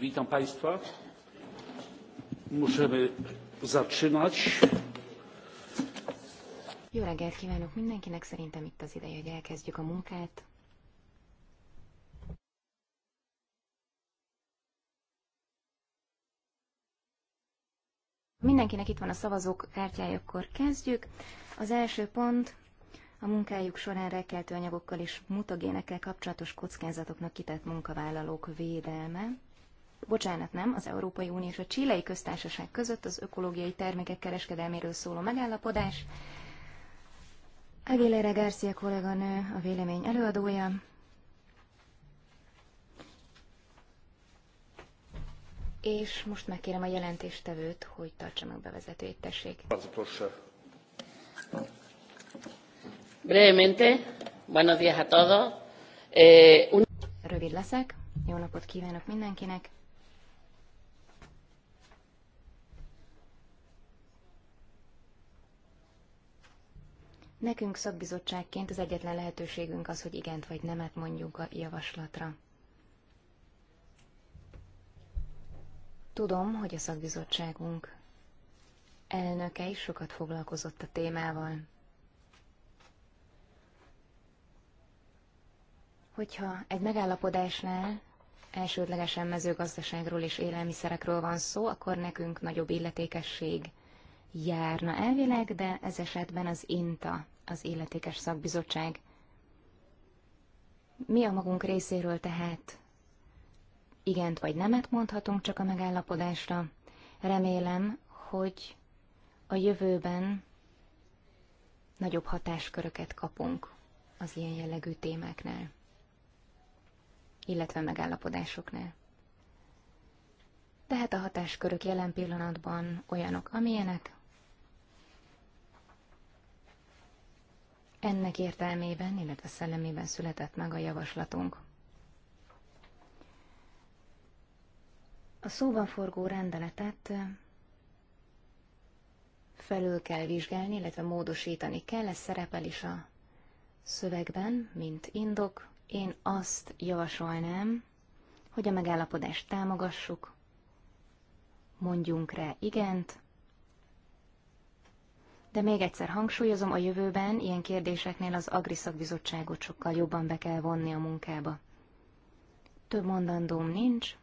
witam państwa. Możemy zaczynać. Jó reggelt kívánok mindenkinek, szerintem itt az ideje, hogy elkezdjük a munkát. Mindenkinek itt van a szavazók kártyája, akkor kezdjük. Az első pont a munkájuk során rekeltő anyagokkal és mutagénekkel kapcsolatos kockázatoknak kitett munkavállalók védelme bocsánat nem, az Európai Unió és a Csilei Köztársaság között az ökológiai termékek kereskedelméről szóló megállapodás. Aguilera Garcia kolléganő a vélemény előadója. És most megkérem a jelentéstevőt, hogy tartsa meg bevezetőjét, tessék. Brevemente, buenos días a todos. Eh, Rövid leszek. Jó napot kívánok mindenkinek! Nekünk szakbizottságként az egyetlen lehetőségünk az, hogy igent vagy nemet mondjuk a javaslatra. Tudom, hogy a szakbizottságunk elnöke is sokat foglalkozott a témával. Hogyha egy megállapodásnál elsődlegesen mezőgazdaságról és élelmiszerekről van szó, akkor nekünk nagyobb illetékesség járna elvileg, de ez esetben az INTA az illetékes szakbizottság. Mi a magunk részéről tehát igent vagy nemet mondhatunk csak a megállapodásra. Remélem, hogy a jövőben nagyobb hatásköröket kapunk az ilyen jellegű témáknál, illetve megállapodásoknál. Tehát a hatáskörök jelen pillanatban olyanok, amilyenek, Ennek értelmében, illetve szellemében született meg a javaslatunk. A szóban forgó rendeletet felül kell vizsgálni, illetve módosítani kell, ez szerepel is a szövegben, mint indok. Én azt javasolnám, hogy a megállapodást támogassuk, mondjunk rá igent, de még egyszer hangsúlyozom, a jövőben ilyen kérdéseknél az Agriszak bizottságot sokkal jobban be kell vonni a munkába. Több mondandóm nincs.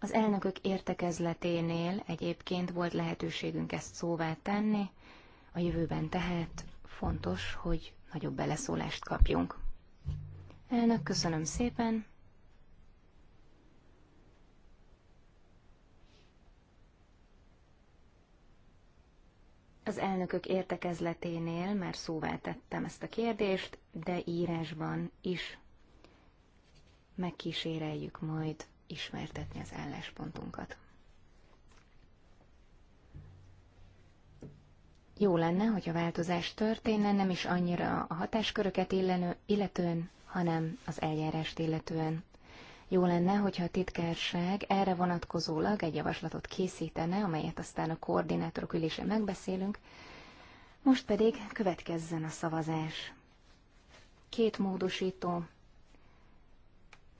Az elnökök értekezleténél egyébként volt lehetőségünk ezt szóvá tenni, a jövőben tehát fontos, hogy nagyobb beleszólást kapjunk. Elnök, köszönöm szépen! Az elnökök értekezleténél már szóvá tettem ezt a kérdést, de írásban is megkíséreljük majd ismertetni az álláspontunkat. Jó lenne, hogy a változás történne, nem is annyira a hatásköröket illenő, illetően, hanem az eljárást illetően. Jó lenne, hogyha a titkárság erre vonatkozólag egy javaslatot készítene, amelyet aztán a koordinátorok ülésén megbeszélünk. Most pedig következzen a szavazás. Két módosító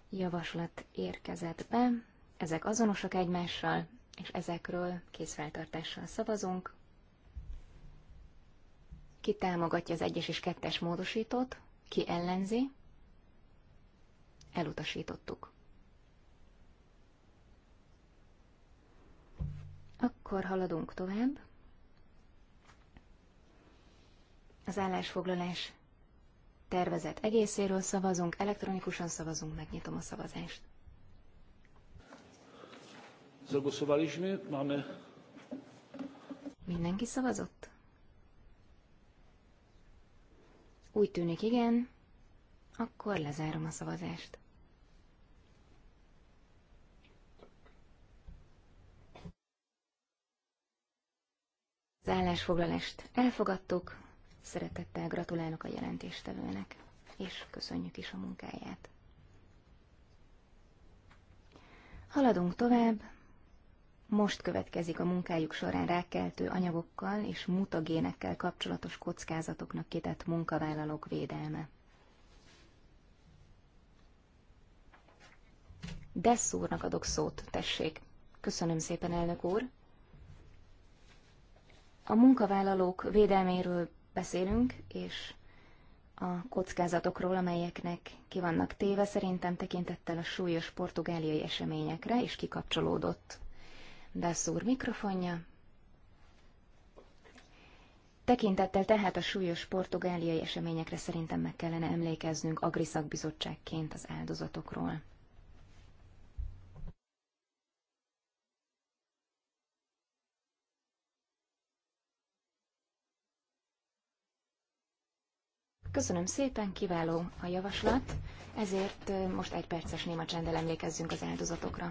javaslat érkezett be, ezek azonosak egymással, és ezekről készfeltartással szavazunk. Ki támogatja az egyes és kettes módosítót, ki ellenzi, elutasítottuk. Akkor haladunk tovább. Az állásfoglalás tervezett egészéről szavazunk, elektronikusan szavazunk, megnyitom a szavazást. Zagłoszowaliśmy, mamy... Mindenki szavazott? Úgy tűnik igen, akkor lezárom a szavazást. állásfoglalást elfogadtuk. Szeretettel gratulálok a jelentéstevőnek, és köszönjük is a munkáját. Haladunk tovább. Most következik a munkájuk során rákkeltő anyagokkal és mutagénekkel kapcsolatos kockázatoknak kitett munkavállalók védelme. Desszúrnak adok szót, tessék. Köszönöm szépen, elnök úr. A munkavállalók védelméről beszélünk, és a kockázatokról, amelyeknek ki vannak téve, szerintem tekintettel a súlyos portugáliai eseményekre, és kikapcsolódott Dászúr mikrofonja. Tekintettel tehát a súlyos portugáliai eseményekre szerintem meg kellene emlékeznünk agriszakbizottságként az áldozatokról. Köszönöm szépen, kiváló a javaslat, ezért most egy perces néma csendel emlékezzünk az áldozatokra.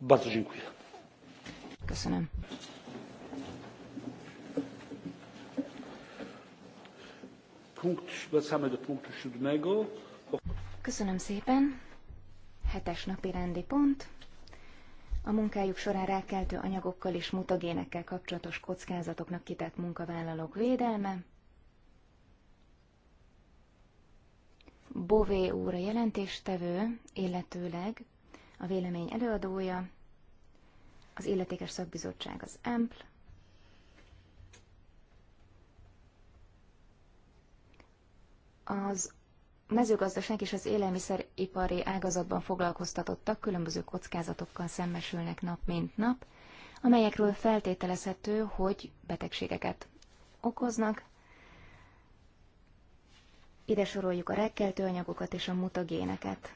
Bardzo dziękuję. Köszönöm. Punkt, wracamy do punktu siódmego. Köszönöm szépen hetes napi rendi pont. A munkájuk során rákeltő anyagokkal és mutagénekkel kapcsolatos kockázatoknak kitett munkavállalók védelme. Bové úr a jelentéstevő, illetőleg a vélemény előadója, az illetékes szakbizottság az EMPL, az mezőgazdaság és az élelmiszeripari ágazatban foglalkoztatottak különböző kockázatokkal szembesülnek nap mint nap, amelyekről feltételezhető, hogy betegségeket okoznak. Ide soroljuk a rekkeltő anyagokat és a mutagéneket.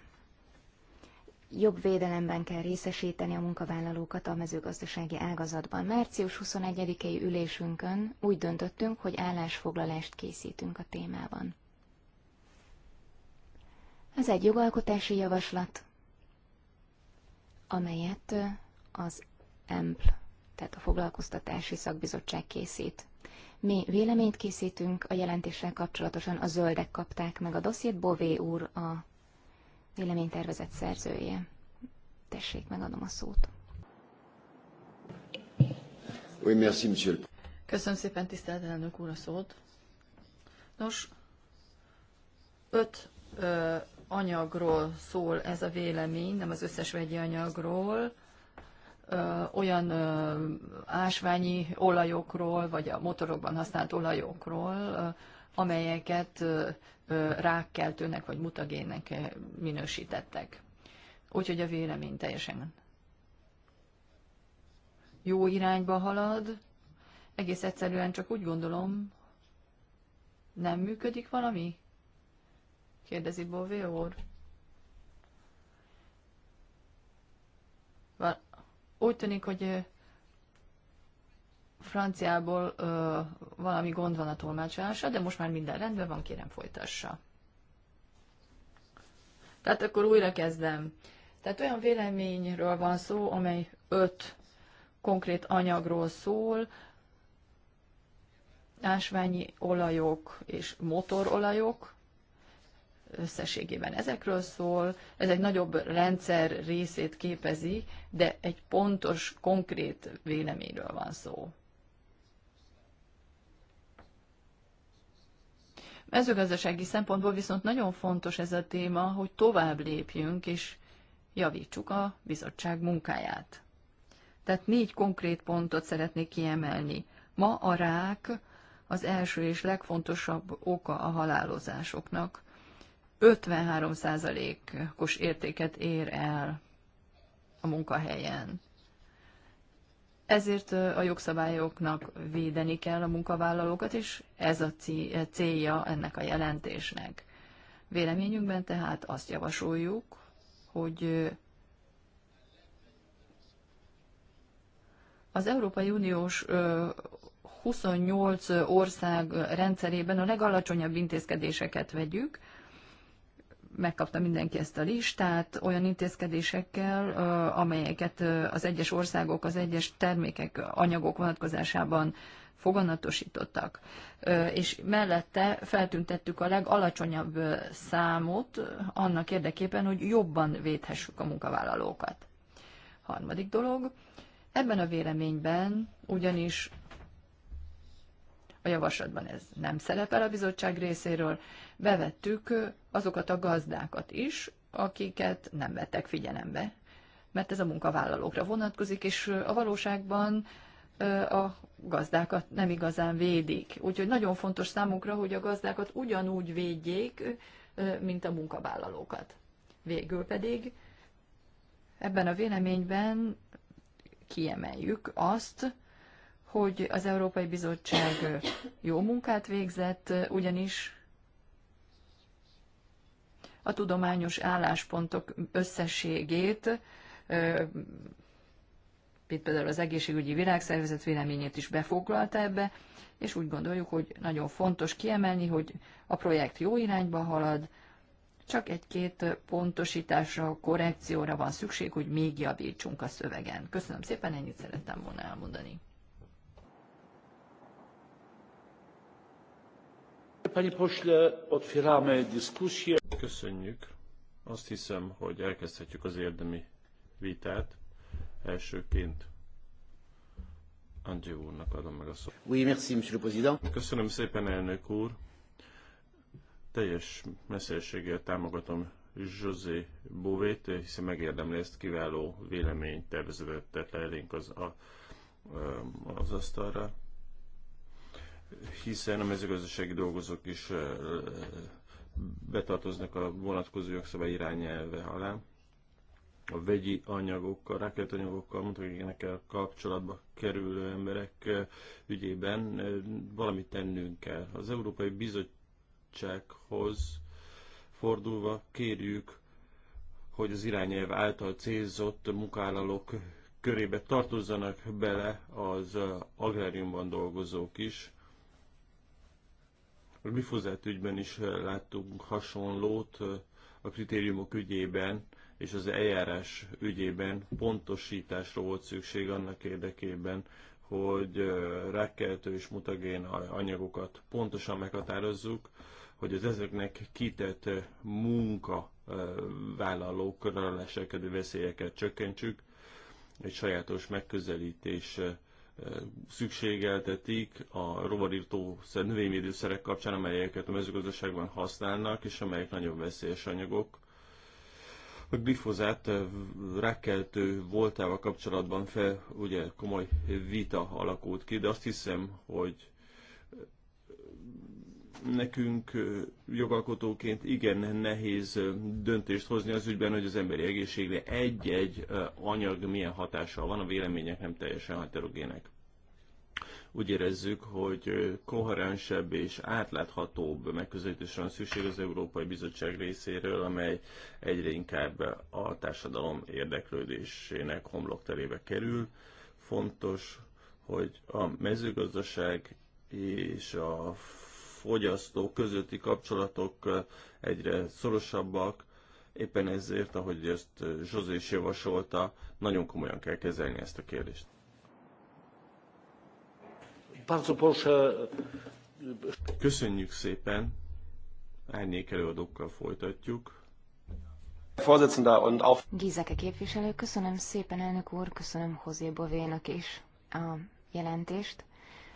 Jobb védelemben kell részesíteni a munkavállalókat a mezőgazdasági ágazatban. Március 21-i ülésünkön úgy döntöttünk, hogy állásfoglalást készítünk a témában. Ez egy jogalkotási javaslat, amelyet az EMPL, tehát a Foglalkoztatási Szakbizottság készít. Mi véleményt készítünk a jelentéssel kapcsolatosan, a zöldek kapták meg a dossziét, Bové úr a véleménytervezet szerzője. Tessék, megadom a szót. Köszönöm szépen, tisztelt elnök úr a szót. Nos, öt ö, anyagról szól ez a vélemény, nem az összes vegyi anyagról, olyan ásványi olajokról, vagy a motorokban használt olajokról, amelyeket rákkeltőnek vagy mutagénnek minősítettek. Úgyhogy a vélemény teljesen jó irányba halad. Egész egyszerűen csak úgy gondolom, nem működik valami? kérdezi Bové úr. Úgy tűnik, hogy franciából ö, valami gond van a tolmácsolása, de most már minden rendben van, kérem folytassa. Tehát akkor újra kezdem. Tehát olyan véleményről van szó, amely öt konkrét anyagról szól, ásványi olajok és motorolajok, összességében. Ezekről szól, ez egy nagyobb rendszer részét képezi, de egy pontos, konkrét véleményről van szó. Mezőgazdasági szempontból viszont nagyon fontos ez a téma, hogy tovább lépjünk és javítsuk a bizottság munkáját. Tehát négy konkrét pontot szeretnék kiemelni. Ma a rák az első és legfontosabb oka a halálozásoknak, 53%-os értéket ér el a munkahelyen. Ezért a jogszabályoknak védeni kell a munkavállalókat, és ez a e, célja ennek a jelentésnek. Véleményünkben tehát azt javasoljuk, hogy az Európai Uniós 28 ország rendszerében a legalacsonyabb intézkedéseket vegyük, megkapta mindenki ezt a listát olyan intézkedésekkel, amelyeket az egyes országok, az egyes termékek, anyagok vonatkozásában foganatosítottak. És mellette feltüntettük a legalacsonyabb számot annak érdekében, hogy jobban védhessük a munkavállalókat. Harmadik dolog, ebben a véleményben ugyanis a javaslatban ez nem szerepel a bizottság részéről, bevettük azokat a gazdákat is, akiket nem vettek figyelembe, mert ez a munkavállalókra vonatkozik, és a valóságban a gazdákat nem igazán védik. Úgyhogy nagyon fontos számunkra, hogy a gazdákat ugyanúgy védjék, mint a munkavállalókat. Végül pedig ebben a véleményben kiemeljük azt, hogy az Európai Bizottság jó munkát végzett, ugyanis a tudományos álláspontok összességét, itt például az egészségügyi világszervezet véleményét is befoglalta ebbe, és úgy gondoljuk, hogy nagyon fontos kiemelni, hogy a projekt jó irányba halad, csak egy-két pontosításra, korrekcióra van szükség, hogy még javítsunk a szövegen. Köszönöm szépen, ennyit szerettem volna elmondani. Panie pośle, otwieramy dyskusję. Köszönjük. Azt hiszem, hogy elkezdhetjük az érdemi vitát. Elsőként Andrzej úrnak adom meg a szót. Oui, merci, monsieur le président. Köszönöm szépen, elnök úr. Teljes messzességgel támogatom José Bovét, hiszen megérdemli ezt kiváló véleményt tervezetet elénk az, a, az asztalra hiszen a mezőgazdasági dolgozók is betartoznak a vonatkozó jogszabály irányelve alá. A vegyi anyagokkal, rákelt anyagokkal, mutatógénekkel kapcsolatba kerülő emberek ügyében valamit tennünk kell. Az Európai Bizottsághoz fordulva kérjük, hogy az irányelv által célzott munkállalók körébe tartozzanak bele az agráriumban dolgozók is, a glifozát ügyben is eh, láttunk hasonlót eh, a kritériumok ügyében és az eljárás ügyében pontosításra volt szükség annak érdekében, hogy eh, rákkeltő és mutagén anyagokat pontosan meghatározzuk, hogy az ezeknek kitett munkavállalókra leselkedő veszélyeket csökkentsük. Egy sajátos megközelítés szükségeltetik a rovarírtó növényvédőszerek kapcsán, amelyeket a mezőgazdaságban használnak, és amelyek nagyon veszélyes anyagok. A glifozát eh, rákkeltő voltával kapcsolatban fel, ugye komoly vita alakult ki, de azt hiszem, hogy nekünk jogalkotóként igen nehéz döntést hozni az ügyben, hogy az emberi egészségre egy-egy anyag milyen hatással van, a vélemények nem teljesen heterogének. Úgy érezzük, hogy koherensebb és átláthatóbb megközelítésre van szükség az Európai Bizottság részéről, amely egyre inkább a társadalom érdeklődésének homlokterébe kerül. Fontos, hogy a mezőgazdaság és a fogyasztó közötti kapcsolatok egyre szorosabbak, éppen ezért, ahogy ezt Zsozé is javasolta, nagyon komolyan kell kezelni ezt a kérdést. E, Köszönjük szépen, árnyék előadókkal folytatjuk. Gizeke képviselő, köszönöm szépen elnök úr, köszönöm Hozé Bovénak is a jelentést.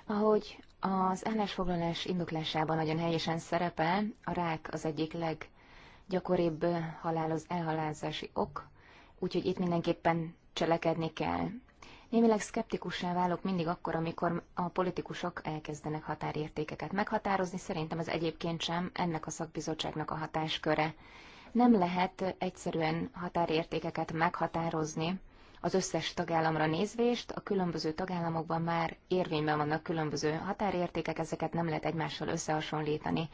Ahogy az állásfoglalás indoklásában nagyon helyesen szerepel, a rák az egyik leggyakoribb haláloz elhalálzási ok, úgyhogy itt mindenképpen cselekedni kell. Némileg szkeptikussá válok mindig akkor, amikor a politikusok elkezdenek határértékeket meghatározni, szerintem ez egyébként sem ennek a szakbizottságnak a hatásköre. Nem lehet egyszerűen határértékeket meghatározni, az összes tagállamra nézvést, a különböző tagállamokban már érvényben vannak különböző határértékek, ezeket nem lehet egymással összehasonlítani.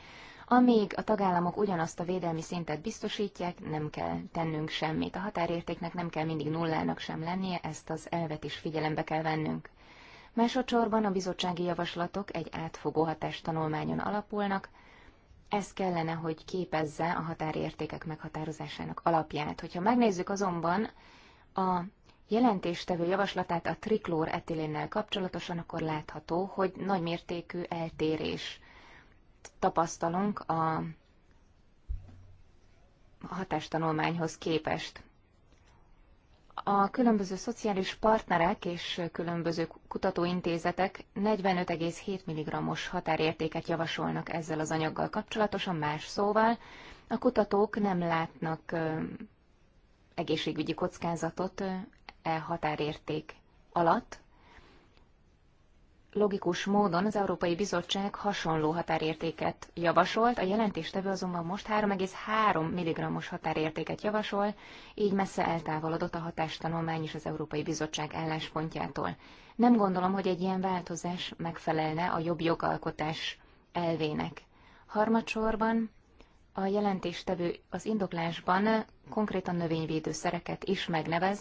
Amíg a tagállamok ugyanazt a védelmi szintet biztosítják, nem kell tennünk semmit. A határértéknek nem kell mindig nullának sem lennie, ezt az elvet is figyelembe kell vennünk. Másodszorban a bizottsági javaslatok egy átfogó hatástanulmányon alapulnak, ez kellene, hogy képezze a határértékek meghatározásának alapját. Hogyha megnézzük azonban a jelentéstevő javaslatát a triklór etilénnel kapcsolatosan, akkor látható, hogy nagymértékű eltérés tapasztalunk a hatástanulmányhoz képest. A különböző szociális partnerek és különböző kutatóintézetek 45,7 mg-os határértéket javasolnak ezzel az anyaggal kapcsolatosan, más szóval a kutatók nem látnak egészségügyi kockázatot e határérték alatt. Logikus módon az Európai Bizottság hasonló határértéket javasolt, a jelentéstevő azonban most 3,3 mg-os határértéket javasol, így messze eltávolodott a hatástanulmány is az Európai Bizottság álláspontjától. Nem gondolom, hogy egy ilyen változás megfelelne a jobb jogalkotás elvének. Harmadsorban a jelentéstevő az indoklásban konkrétan növényvédőszereket is megnevez,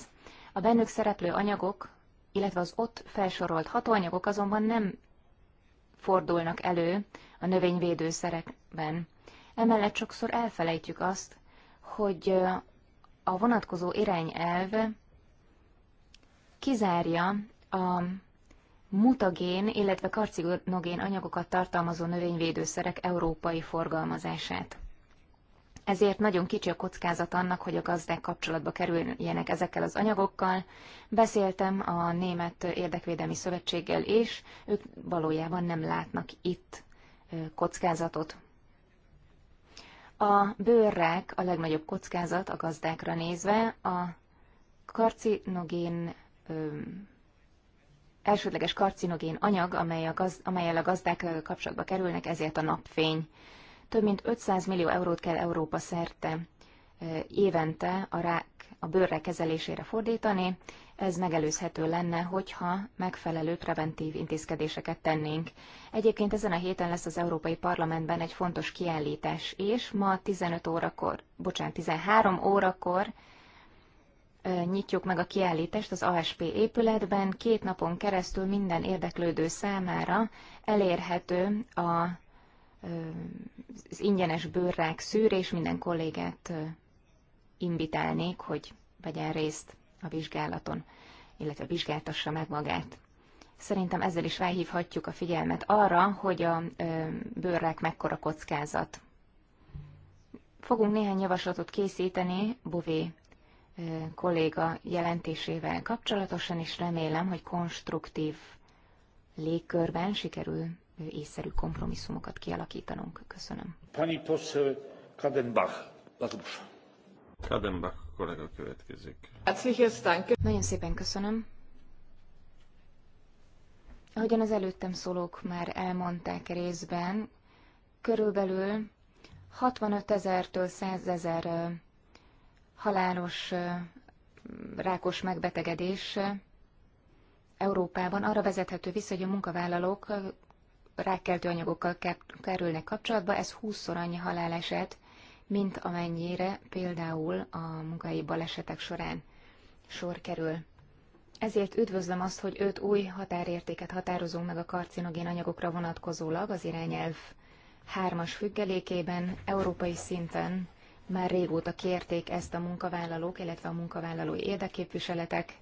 a bennük szereplő anyagok, illetve az ott felsorolt hatóanyagok azonban nem fordulnak elő a növényvédőszerekben. Emellett sokszor elfelejtjük azt, hogy a vonatkozó irányelv kizárja a mutagén, illetve karcinogén anyagokat tartalmazó növényvédőszerek európai forgalmazását ezért nagyon kicsi a kockázat annak, hogy a gazdák kapcsolatba kerüljenek ezekkel az anyagokkal. Beszéltem a Német Érdekvédelmi Szövetséggel és ők valójában nem látnak itt kockázatot. A bőrrák a legnagyobb kockázat a gazdákra nézve, a karcinogén elsődleges karcinogén anyag, amely a amelyel a gazdák kapcsolatba kerülnek, ezért a napfény. Több mint 500 millió eurót kell Európa szerte évente a rák, a bőrre kezelésére fordítani. Ez megelőzhető lenne, hogyha megfelelő preventív intézkedéseket tennénk. Egyébként ezen a héten lesz az Európai Parlamentben egy fontos kiállítás, és ma 15 órakor, bocsánat, 13 órakor nyitjuk meg a kiállítást az ASP épületben. Két napon keresztül minden érdeklődő számára elérhető a az ingyenes bőrrák szűr, és minden kollégát invitálnék, hogy vegyen részt a vizsgálaton, illetve vizsgáltassa meg magát. Szerintem ezzel is felhívhatjuk a figyelmet arra, hogy a bőrrák mekkora kockázat. Fogunk néhány javaslatot készíteni Bové kolléga jelentésével kapcsolatosan, és remélem, hogy konstruktív légkörben sikerül észszerű kompromisszumokat kialakítanunk. Köszönöm. Pani poseł Kadenbach. Latos. Kadenbach kollega következik. Nagyon szépen köszönöm. Ahogyan az előttem szólók már elmondták részben, körülbelül 65 000-től 100 ezer halálos rákos megbetegedés Európában arra vezethető vissza, hogy a munkavállalók rákkeltő anyagokkal kerülnek kapcsolatba, ez 20-szor annyi haláleset, mint amennyire például a munkai balesetek során sor kerül. Ezért üdvözlöm azt, hogy öt új határértéket határozunk meg a karcinogén anyagokra vonatkozólag az irányelv hármas függelékében, európai szinten már régóta kérték ezt a munkavállalók, illetve a munkavállalói érdeképviseletek,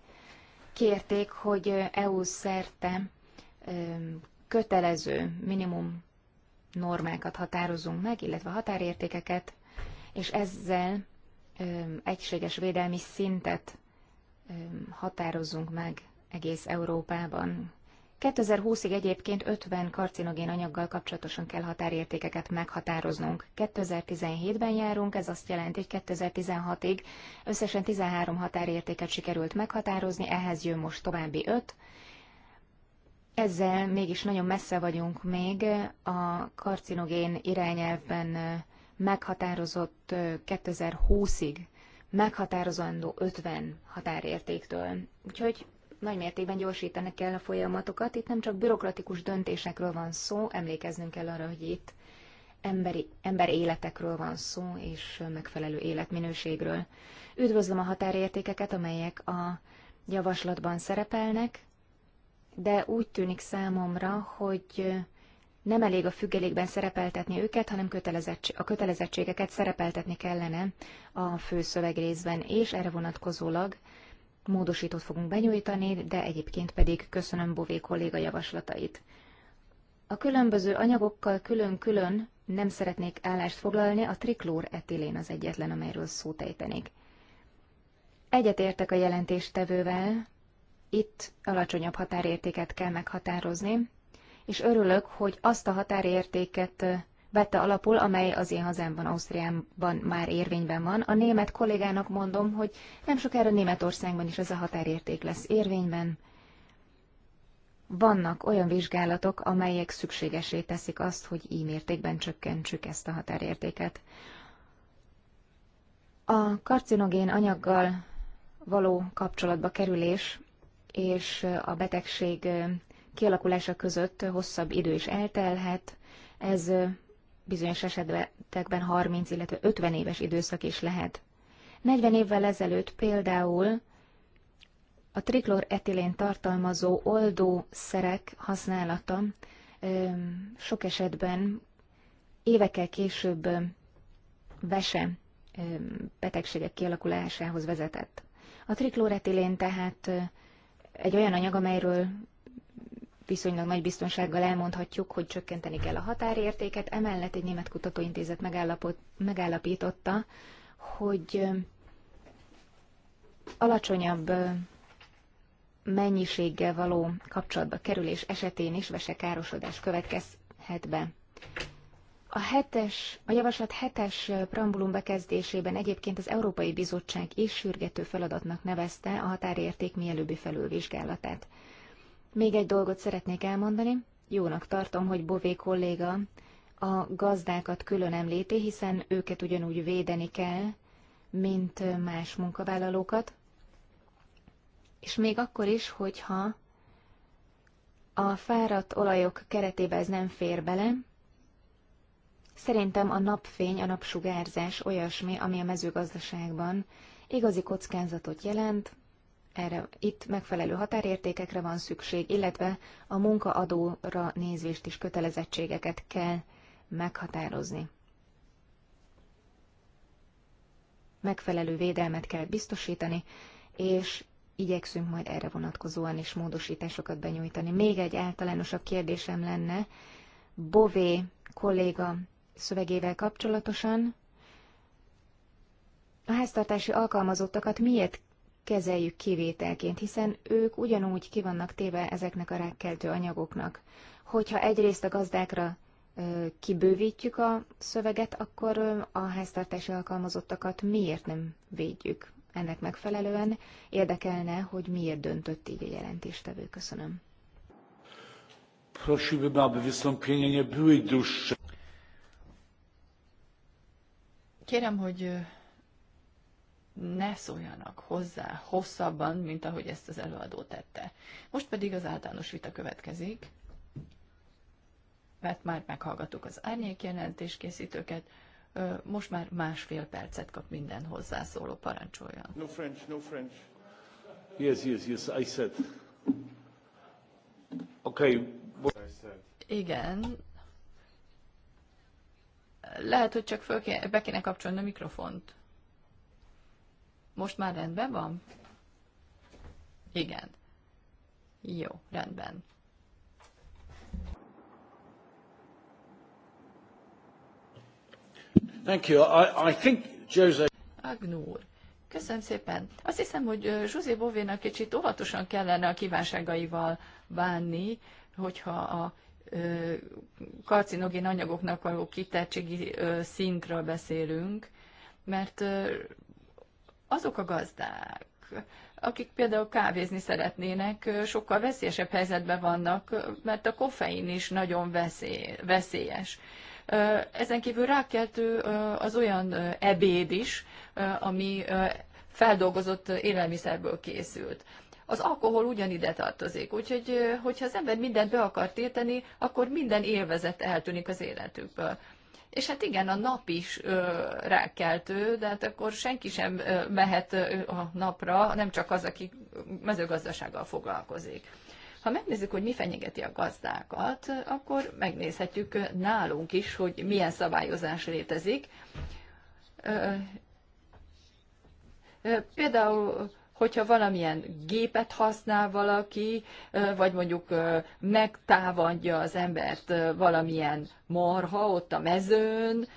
kérték, hogy EU szerte kötelező minimum normákat határozunk meg, illetve határértékeket, és ezzel egységes védelmi szintet határozunk meg egész Európában. 2020-ig egyébként 50 karcinogén anyaggal kapcsolatosan kell határértékeket meghatároznunk. 2017-ben járunk, ez azt jelenti, hogy 2016-ig összesen 13 határértéket sikerült meghatározni, ehhez jön most további 5, ezzel mégis nagyon messze vagyunk még a karcinogén irányelvben meghatározott 2020-ig meghatározandó 50 határértéktől. Úgyhogy nagy mértékben gyorsítanak kell a folyamatokat. Itt nem csak bürokratikus döntésekről van szó, emlékeznünk kell arra, hogy itt emberi, ember életekről van szó, és megfelelő életminőségről. Üdvözlöm a határértékeket, amelyek a javaslatban szerepelnek de úgy tűnik számomra, hogy nem elég a függelékben szerepeltetni őket, hanem kötelezettség, a kötelezettségeket szerepeltetni kellene a főszövegrészben, és erre vonatkozólag módosítót fogunk benyújtani, de egyébként pedig köszönöm Bové kolléga javaslatait. A különböző anyagokkal külön-külön nem szeretnék állást foglalni, a triklór etilén az egyetlen, amelyről szót ejtenék. Egyetértek a jelentéstevővel, itt alacsonyabb határértéket kell meghatározni, és örülök, hogy azt a határértéket vette alapul, amely az én hazámban, Ausztriában már érvényben van. A német kollégának mondom, hogy nem sokára Németországban is ez a határérték lesz érvényben. Vannak olyan vizsgálatok, amelyek szükségesé teszik azt, hogy így mértékben csökkentsük ezt a határértéket. A karcinogén anyaggal való kapcsolatba kerülés és a betegség kialakulása között hosszabb idő is eltelhet. Ez bizonyos esetekben 30, illetve 50 éves időszak is lehet. 40 évvel ezelőtt például a triklor-etilén tartalmazó szerek használata sok esetben évekkel később vese betegségek kialakulásához vezetett. A trikloretilén tehát egy olyan anyag, amelyről viszonylag nagy biztonsággal elmondhatjuk, hogy csökkenteni kell a határértéket. Emellett egy német kutatóintézet megállapította, hogy alacsonyabb mennyiséggel való kapcsolatba kerülés esetén is vesekárosodás következhet be. A, hetes, a javaslat hetes preambulum bekezdésében egyébként az Európai Bizottság is sürgető feladatnak nevezte a határérték mielőbbi felülvizsgálatát. Még egy dolgot szeretnék elmondani. Jónak tartom, hogy Bové kolléga a gazdákat külön említi, hiszen őket ugyanúgy védeni kell, mint más munkavállalókat. És még akkor is, hogyha a fáradt olajok keretébe ez nem fér bele, Szerintem a napfény, a napsugárzás olyasmi, ami a mezőgazdaságban igazi kockázatot jelent, erre itt megfelelő határértékekre van szükség, illetve a munkaadóra nézvést is kötelezettségeket kell meghatározni. Megfelelő védelmet kell biztosítani, és igyekszünk majd erre vonatkozóan is módosításokat benyújtani. Még egy általánosabb kérdésem lenne, Bové kolléga szövegével kapcsolatosan. A háztartási alkalmazottakat miért kezeljük kivételként, hiszen ők ugyanúgy kivannak téve ezeknek a rákkeltő anyagoknak. Hogyha egyrészt a gazdákra kibővítjük a szöveget, akkor a háztartási alkalmazottakat miért nem védjük ennek megfelelően? Érdekelne, hogy miért döntött így a jelentéstevő. Köszönöm. Prosiłbym, aby vystąpienie nie były dłuższe. Kérem, hogy ne szóljanak hozzá hosszabban, mint ahogy ezt az előadó tette. Most pedig az általános vita következik, mert már meghallgattuk az árnyék jelentéskészítőket. készítőket, most már másfél percet kap minden hozzászóló, parancsoljon. No French, no French. Yes, yes, yes, I said. Okay. Igen, lehet, hogy csak föl kéne, be kéne kapcsolni a mikrofont. Most már rendben van? Igen. Jó, rendben. Thank you. I, I think Jose... Agnur, Köszönöm szépen. Azt hiszem, hogy José Bovénak kicsit óvatosan kellene a kívánságaival bánni, hogyha a karcinogén anyagoknak való kitettségi szintről beszélünk, mert azok a gazdák, akik például kávézni szeretnének, sokkal veszélyesebb helyzetben vannak, mert a koffein is nagyon veszélyes. Ezen kívül rákeltő az olyan ebéd is, ami feldolgozott élelmiszerből készült. Az alkohol ugyanide tartozik, úgyhogy hogyha az ember mindent be akar téteni, akkor minden élvezet eltűnik az életükből. És hát igen, a nap is rákeltő, de hát akkor senki sem mehet a napra, nem csak az, aki mezőgazdasággal foglalkozik. Ha megnézzük, hogy mi fenyegeti a gazdákat, akkor megnézhetjük nálunk is, hogy milyen szabályozás létezik. például hogyha valamilyen gépet használ valaki, vagy mondjuk megtávadja az embert valamilyen marha ott a mezőn,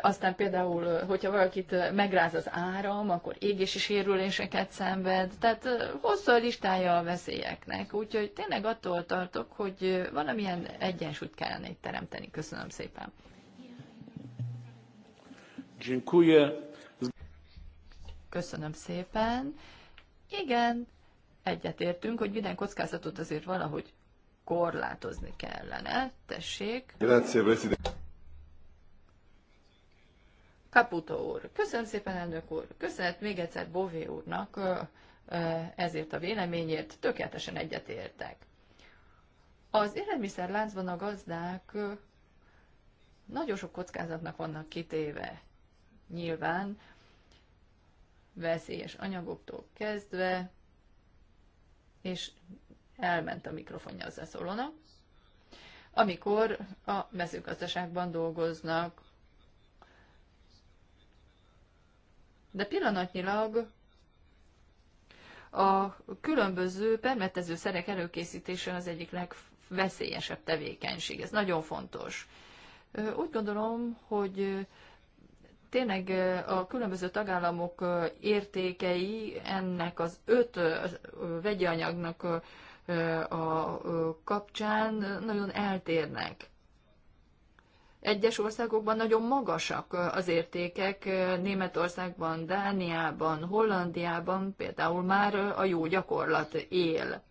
aztán például, hogyha valakit megráz az áram, akkor égési sérüléseket szenved. Tehát hosszú a listája a veszélyeknek. Úgyhogy tényleg attól tartok, hogy valamilyen egyensúlyt kellene itt teremteni. Köszönöm szépen. Köszönöm szépen. Igen, egyetértünk, hogy minden kockázatot azért valahogy korlátozni kellene. Tessék. Grazie, Presidente. Kaputo úr. Köszönöm szépen, elnök úr. Köszönet még egyszer Bové úrnak ezért a véleményért. Tökéletesen egyetértek. Az élelmiszerláncban a gazdák nagyon sok kockázatnak vannak kitéve. Nyilván veszélyes anyagoktól kezdve, és elment a mikrofonja az szólónak, amikor a mezőgazdaságban dolgoznak. De pillanatnyilag a különböző permetező szerek előkészítése az egyik legveszélyesebb tevékenység. Ez nagyon fontos. Úgy gondolom, hogy tényleg a különböző tagállamok értékei ennek az öt vegyi anyagnak a kapcsán nagyon eltérnek. Egyes országokban nagyon magasak az értékek, Németországban, Dániában, Hollandiában például már a jó gyakorlat él.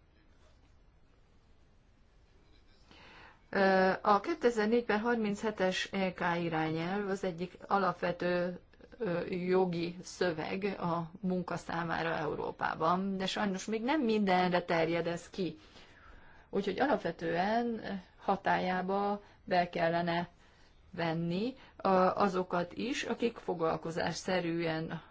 A 2004-ben 37-es LK irányelv az egyik alapvető jogi szöveg a munka számára Európában, de sajnos még nem mindenre terjed ez ki. Úgyhogy alapvetően hatájába be kellene venni azokat is, akik foglalkozásszerűen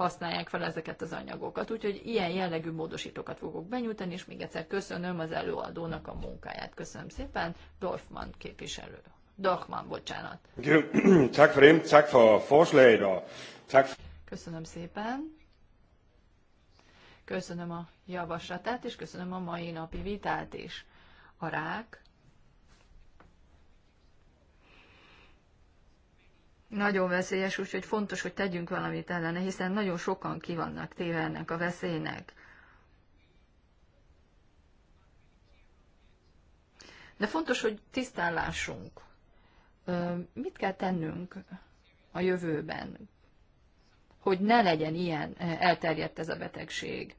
használják fel ezeket az anyagokat. Úgyhogy ilyen jellegű módosítókat fogok benyújtani, és még egyszer köszönöm az előadónak a munkáját. Köszönöm szépen, Dorfman képviselő. Dorfman, bocsánat. Köszönöm szépen. Köszönöm a javaslatát, és köszönöm a mai napi vitát is. A rák nagyon veszélyes, úgyhogy fontos, hogy tegyünk valamit ellene, hiszen nagyon sokan kivannak téve ennek a veszélynek. De fontos, hogy tisztán lássunk. Mit kell tennünk a jövőben, hogy ne legyen ilyen elterjedt ez a betegség?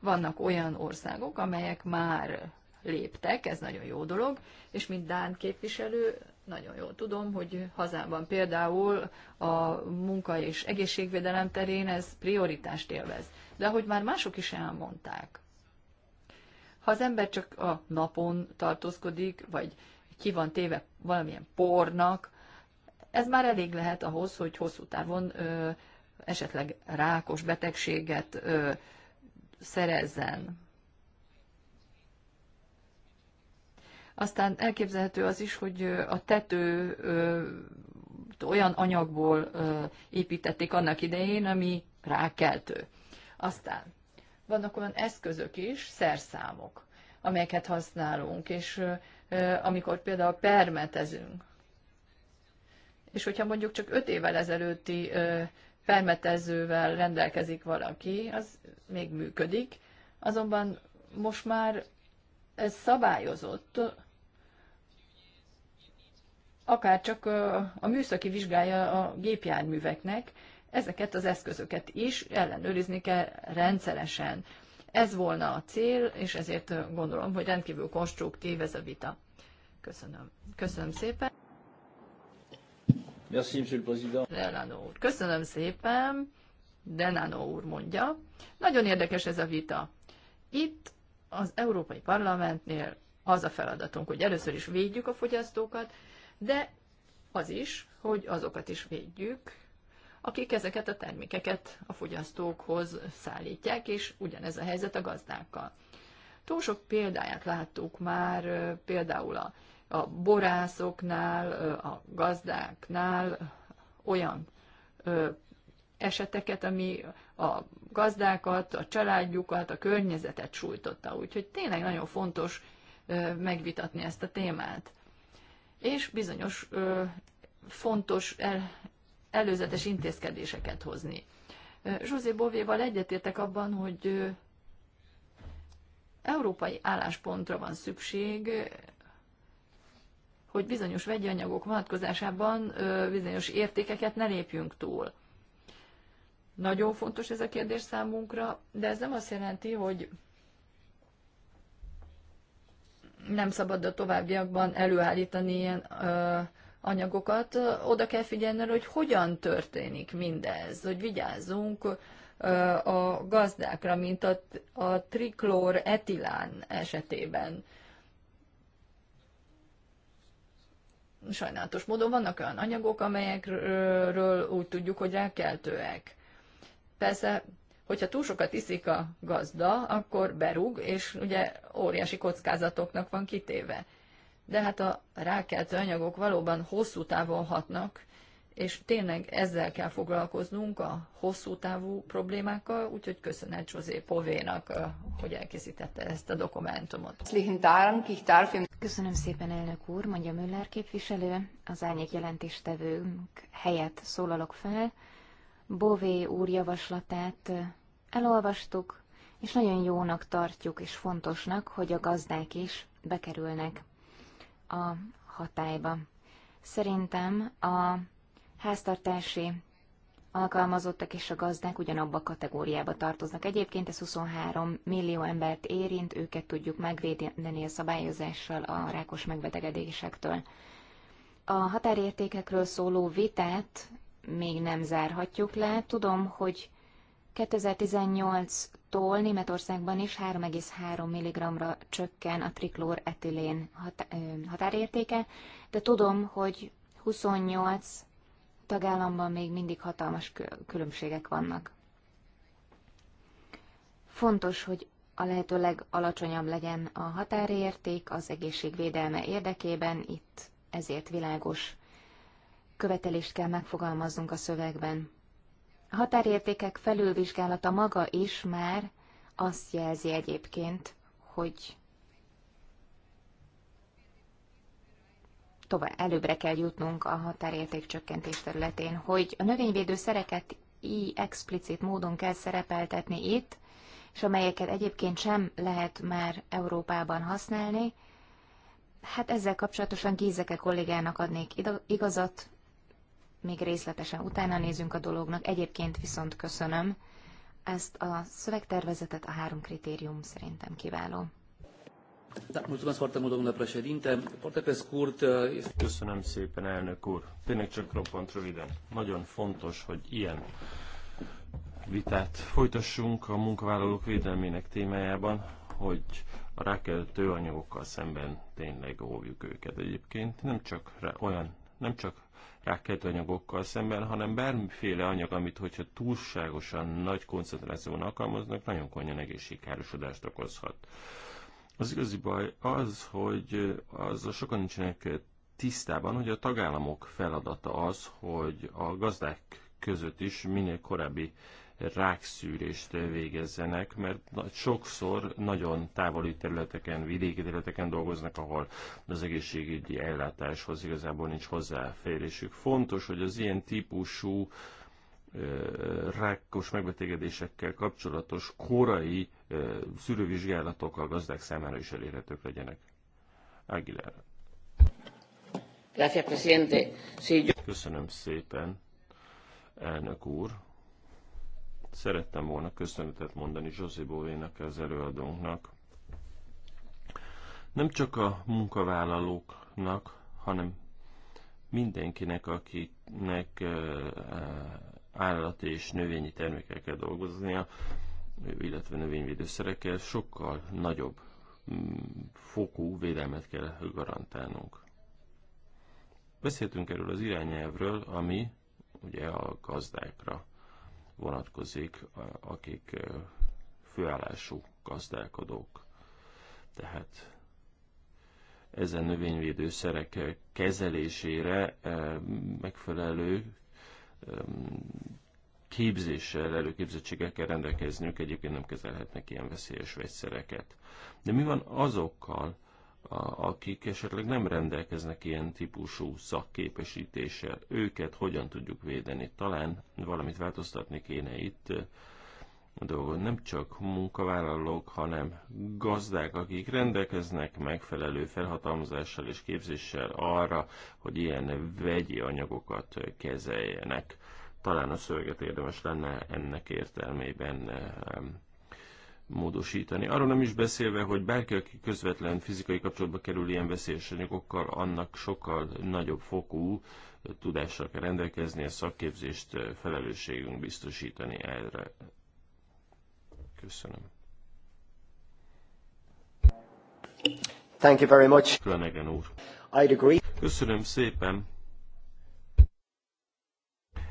Vannak olyan országok, amelyek már léptek, ez nagyon jó dolog, és mint Dán képviselő nagyon jól tudom, hogy hazámban például a munka és egészségvédelem terén ez prioritást élvez. De ahogy már mások is elmondták, ha az ember csak a napon tartózkodik, vagy ki van téve valamilyen pornak, ez már elég lehet ahhoz, hogy hosszú távon ö, esetleg rákos betegséget ö, szerezzen. Aztán elképzelhető az is, hogy a tető olyan anyagból építették annak idején, ami rákeltő. Aztán vannak olyan eszközök is, szerszámok, amelyeket használunk, és amikor például permetezünk, és hogyha mondjuk csak öt évvel ezelőtti permetezővel rendelkezik valaki, az még működik, azonban most már ez szabályozott, akár csak a műszaki vizsgája a gépjárműveknek, ezeket az eszközöket is ellenőrizni kell rendszeresen. Ez volna a cél, és ezért gondolom, hogy rendkívül konstruktív ez a vita. Köszönöm. Köszönöm szépen. Merci, Monsieur le Président. Delano úr. Köszönöm szépen. Delano úr mondja. Nagyon érdekes ez a vita. Itt az Európai Parlamentnél az a feladatunk, hogy először is védjük a fogyasztókat, de az is, hogy azokat is védjük, akik ezeket a termékeket a fogyasztókhoz szállítják, és ugyanez a helyzet a gazdákkal. Túl sok példáját láttuk már, például a, a borászoknál, a gazdáknál olyan ö, eseteket, ami a gazdákat, a családjukat, a környezetet sújtotta. Úgyhogy tényleg nagyon fontos ö, megvitatni ezt a témát és bizonyos ö, fontos el, előzetes intézkedéseket hozni. José Bovéval egyetértek abban, hogy ö, európai álláspontra van szükség, hogy bizonyos vegyi anyagok vonatkozásában ö, bizonyos értékeket ne lépjünk túl. Nagyon fontos ez a kérdés számunkra, de ez nem azt jelenti, hogy nem szabad a továbbiakban előállítani ilyen ö, anyagokat. Oda kell figyelni hogy hogyan történik mindez, hogy vigyázzunk ö, a gazdákra, mint a, a triklór etilán esetében. Sajnálatos módon vannak olyan anyagok, amelyekről úgy tudjuk, hogy rákeltőek. Persze hogyha túl sokat iszik a gazda, akkor berúg, és ugye óriási kockázatoknak van kitéve. De hát a rákeltő anyagok valóban hosszú távon hatnak, és tényleg ezzel kell foglalkoznunk a hosszú távú problémákkal, úgyhogy köszönet José Povénak, hogy elkészítette ezt a dokumentumot. Köszönöm szépen, elnök úr, mondja Müller képviselő, az árnyék jelentéstevőnk helyett szólalok fel. Bové úr javaslatát elolvastuk, és nagyon jónak tartjuk és fontosnak, hogy a gazdák is bekerülnek a hatályba. Szerintem a háztartási alkalmazottak és a gazdák ugyanabba a kategóriába tartoznak. Egyébként ez 23 millió embert érint, őket tudjuk megvédeni a szabályozással a rákos megbetegedésektől. A határértékekről szóló vitát még nem zárhatjuk le. Tudom, hogy 2018-tól Németországban is 3,3 mg-ra csökken a triklór etilén határértéke, de tudom, hogy 28 tagállamban még mindig hatalmas különbségek vannak. Fontos, hogy a lehető legalacsonyabb legyen a határérték az egészségvédelme érdekében, itt ezért világos követelést kell megfogalmaznunk a szövegben. A határértékek felülvizsgálata maga is már azt jelzi egyébként, hogy tovább előbbre kell jutnunk a határérték csökkentés területén, hogy a szereket így explicit módon kell szerepeltetni itt, és amelyeket egyébként sem lehet már Európában használni, Hát ezzel kapcsolatosan Gízeke kollégának adnék igazat, még részletesen utána nézünk a dolognak. Egyébként viszont köszönöm. Ezt a szövegtervezetet a három kritérium szerintem kiváló. Uh, köszönöm szépen, elnök úr. Tényleg csak roppant röviden. Nagyon fontos, hogy ilyen vitát folytassunk a munkavállalók védelmének témájában, hogy a rákeltő anyagokkal szemben tényleg óvjuk őket egyébként. Nem csak olyan, nem csak rákkeltő anyagokkal szemben, hanem bármiféle anyag, amit hogyha túlságosan nagy koncentrációban alkalmaznak, nagyon konnyan egészségkárosodást okozhat. Az igazi baj az, hogy az sokan nincsenek tisztában, hogy a tagállamok feladata az, hogy a gazdák között is minél korábbi rákszűrést végezzenek, mert sokszor nagyon távoli területeken, vidéki területeken dolgoznak, ahol az egészségügyi ellátáshoz igazából nincs hozzáférésük. Fontos, hogy az ilyen típusú rákos megbetegedésekkel kapcsolatos korai szűrővizsgálatok a gazdák számára is elérhetők legyenek. Aguilera. Köszönöm szépen, elnök úr. Szerettem volna köszönetet mondani José Bovénak, az előadónknak. Nem csak a munkavállalóknak, hanem mindenkinek, akinek eh, eh, állati és növényi termékekkel dolgoznia, illetve növényvédőszerekkel sokkal nagyobb mm, fokú védelmet kell garantálnunk. Beszéltünk erről az irányelvről, ami ugye a gazdákra vonatkozik, akik főállású gazdálkodók. Tehát ezen növényvédőszerek kezelésére megfelelő képzéssel, előképzettséggel kell rendelkezniük, egyébként nem kezelhetnek ilyen veszélyes vegyszereket. De mi van azokkal akik esetleg nem rendelkeznek ilyen típusú szakképesítéssel. Őket hogyan tudjuk védeni? Talán valamit változtatni kéne itt a dolgon. Nem csak munkavállalók, hanem gazdák, akik rendelkeznek megfelelő felhatalmazással és képzéssel arra, hogy ilyen vegyi anyagokat kezeljenek. Talán a szöveget érdemes lenne ennek értelmében módosítani. Arról nem is beszélve, hogy bárki, aki közvetlen fizikai kapcsolatba kerül ilyen veszélyes anyagokkal, annak sokkal nagyobb fokú tudással kell rendelkezni, a szakképzést felelősségünk biztosítani erre. Köszönöm. Thank you very much. Flanagan úr. I'd agree. Köszönöm szépen.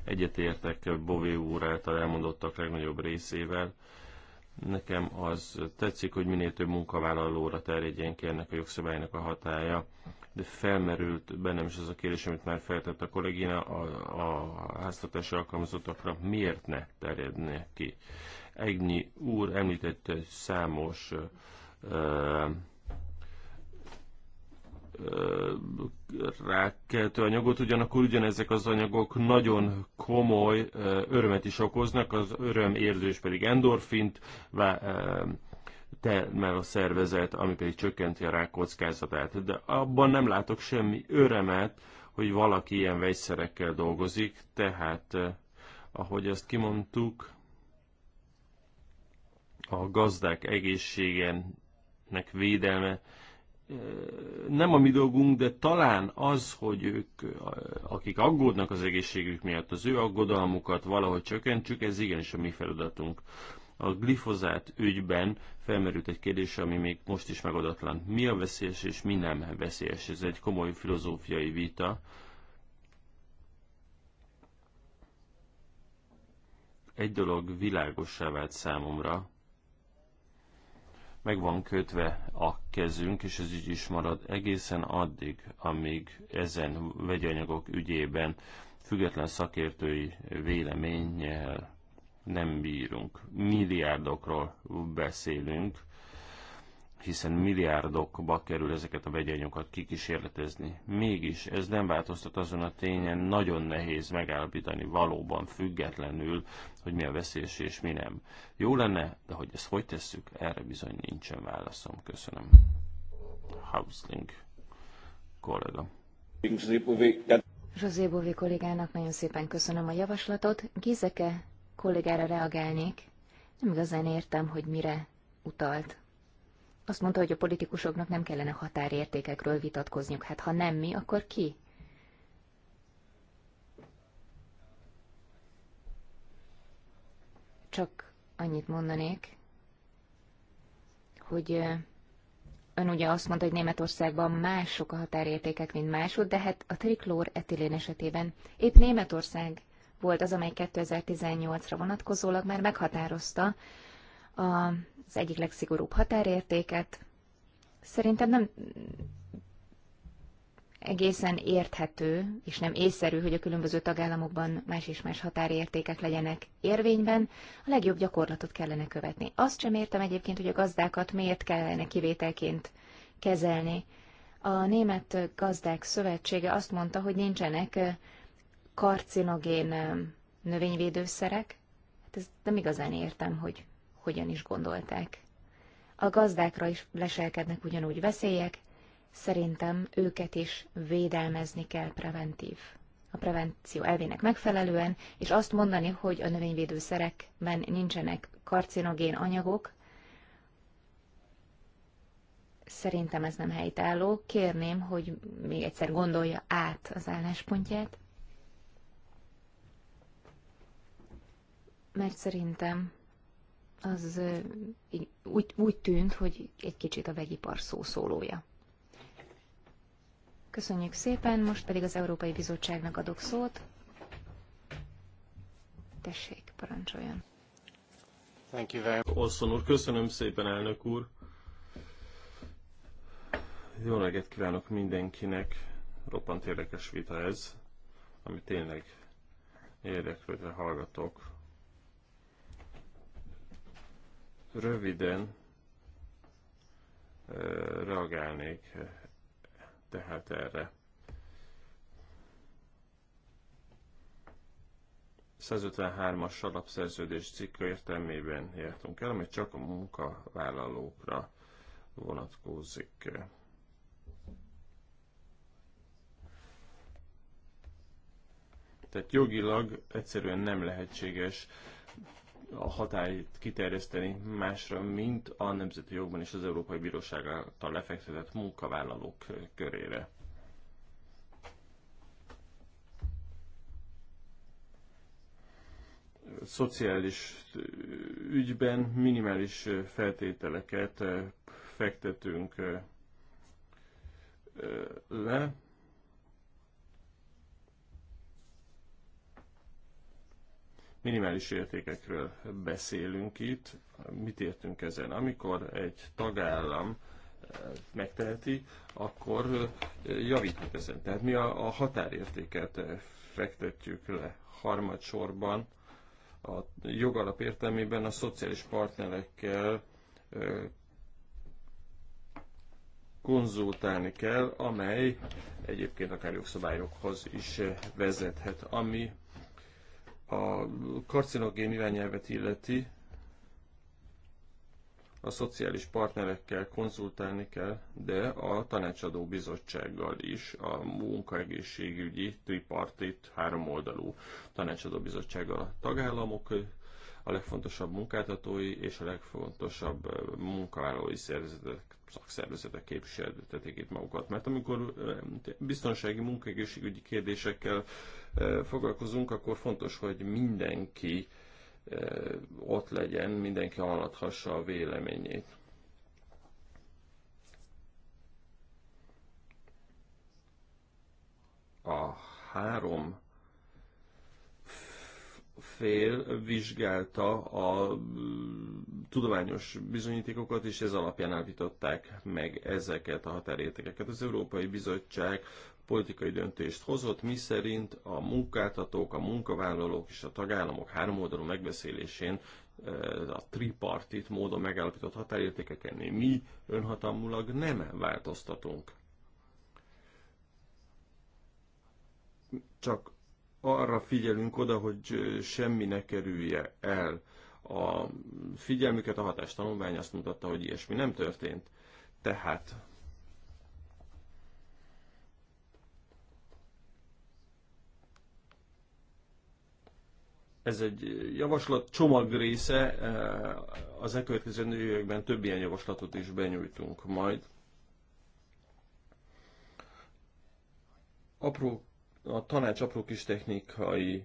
Egyetértek Bové úr által elmondottak legnagyobb részével Nekem az tetszik, hogy minél több munkavállalóra terjedjen ki ennek a jogszabálynak a hatája, de felmerült bennem is az a kérdés, amit már feltett a kollégina, a, a háztartási alkalmazottakra miért ne terjedne ki. Egnyi úr említette számos uh, rákkeltő anyagot, ugyanakkor ugyanezek az anyagok nagyon komoly örömet is okoznak, az örömérzés pedig endorfint termel a szervezet, ami pedig csökkenti a rák kockázatát. De abban nem látok semmi örömet, hogy valaki ilyen vegyszerekkel dolgozik, tehát ahogy ezt kimondtuk, a gazdák egészségenek védelme nem a mi dolgunk, de talán az, hogy ők, akik aggódnak az egészségük miatt, az ő aggodalmukat valahogy csökkentsük, ez igenis a mi feladatunk. A glifozát ügyben felmerült egy kérdés, ami még most is megadatlan. Mi a veszélyes és mi nem veszélyes? Ez egy komoly filozófiai vita. Egy dolog világossá vált számomra, meg van kötve a kezünk, és ez így is marad egészen addig, amíg ezen vegyanyagok ügyében független szakértői véleménnyel nem bírunk. Milliárdokról beszélünk, hiszen milliárdokba kerül ezeket a vegyanyagokat kikísérletezni. Mégis ez nem változtat azon a tényen, nagyon nehéz megállapítani valóban függetlenül hogy mi a veszélyes és mi nem. Jó lenne, de hogy ezt hogy tesszük, erre bizony nincsen válaszom. Köszönöm. Hausling kollega. José Bové kollégának nagyon szépen köszönöm a javaslatot. Gizeke kollégára reagálnék. Nem igazán értem, hogy mire utalt. Azt mondta, hogy a politikusoknak nem kellene határértékekről vitatkozniuk. Hát ha nem mi, akkor ki? csak annyit mondanék, hogy ön ugye azt mondta, hogy Németországban mások a határértékek, mint másod, de hát a triklór etilén esetében épp Németország volt az, amely 2018-ra vonatkozólag már meghatározta az egyik legszigorúbb határértéket. Szerintem nem egészen érthető, és nem észszerű, hogy a különböző tagállamokban más és más határértékek legyenek érvényben, a legjobb gyakorlatot kellene követni. Azt sem értem egyébként, hogy a gazdákat miért kellene kivételként kezelni. A Német Gazdák Szövetsége azt mondta, hogy nincsenek eh, karcinogén eh, növényvédőszerek. Hát ezt nem igazán értem, hogy hogyan is gondolták. A gazdákra is leselkednek ugyanúgy veszélyek, szerintem őket is védelmezni kell preventív a prevenció elvének megfelelően, és azt mondani, hogy a növényvédőszerekben nincsenek karcinogén anyagok, szerintem ez nem helytálló. Kérném, hogy még egyszer gondolja át az álláspontját, mert szerintem az úgy, úgy tűnt, hogy egy kicsit a vegyipar szószólója. Köszönjük szépen, most pedig az Európai Bizottságnak adok szót. Tessék, parancsoljon. Thank you very much. Olszon úr, köszönöm szépen, elnök úr. Jó reggelt kívánok mindenkinek. Roppant érdekes vita ez, ami tényleg érdeklődve hallgatok. Röviden eh, reagálnék tehát erre. 153-as alapszerződés cikk értelmében jártunk el, ami csak a munkavállalókra vonatkozik. Tehát jogilag egyszerűen nem lehetséges a hatályt kiterjeszteni másra, mint a nemzeti jogban és az Európai Bíróság által lefektetett munkavállalók körére. Szociális ügyben minimális feltételeket fektetünk le, Minimális értékekről beszélünk itt. Mit értünk ezen? Amikor egy tagállam eh, megteheti, akkor eh, javíthat ezen. Tehát mi a, a határértéket eh, fektetjük le harmadsorban a jogalap értelmében a szociális partnerekkel konzultálni kell, amely egyébként akár jogszabályokhoz is vezethet, ami a karcinogén irányelvet illeti, a szociális partnerekkel konzultálni kell, de a tanácsadó bizottsággal is, a munkaegészségügyi tripartit háromoldalú tanácsadó bizottsággal a tagállamok, a legfontosabb munkáltatói és a legfontosabb munkavállalói szervezetek szakszervezetek képviseltetik itt magukat. Mert amikor biztonsági munkaegészségügyi kérdésekkel foglalkozunk, akkor fontos, hogy mindenki ott legyen, mindenki hallathassa a véleményét. A három fél vizsgálta a mm, tudományos bizonyítékokat, és ez alapján állították meg ezeket a határértékeket. Az Európai Bizottság politikai döntést hozott, szerint a munkáltatók, a munkavállalók és a tagállamok háromoldalú megbeszélésén eh, a tripartit módon megállapított határértékeken mi önhatalmulag nem változtatunk. Csak arra figyelünk oda, hogy semmi ne kerülje el. A figyelmüket a hatástanulmány azt mutatta, hogy ilyesmi nem történt. Tehát ez egy javaslat csomag része, az elkövetkező években több ilyen javaslatot is benyújtunk majd. Apró a tanács apró kis technikai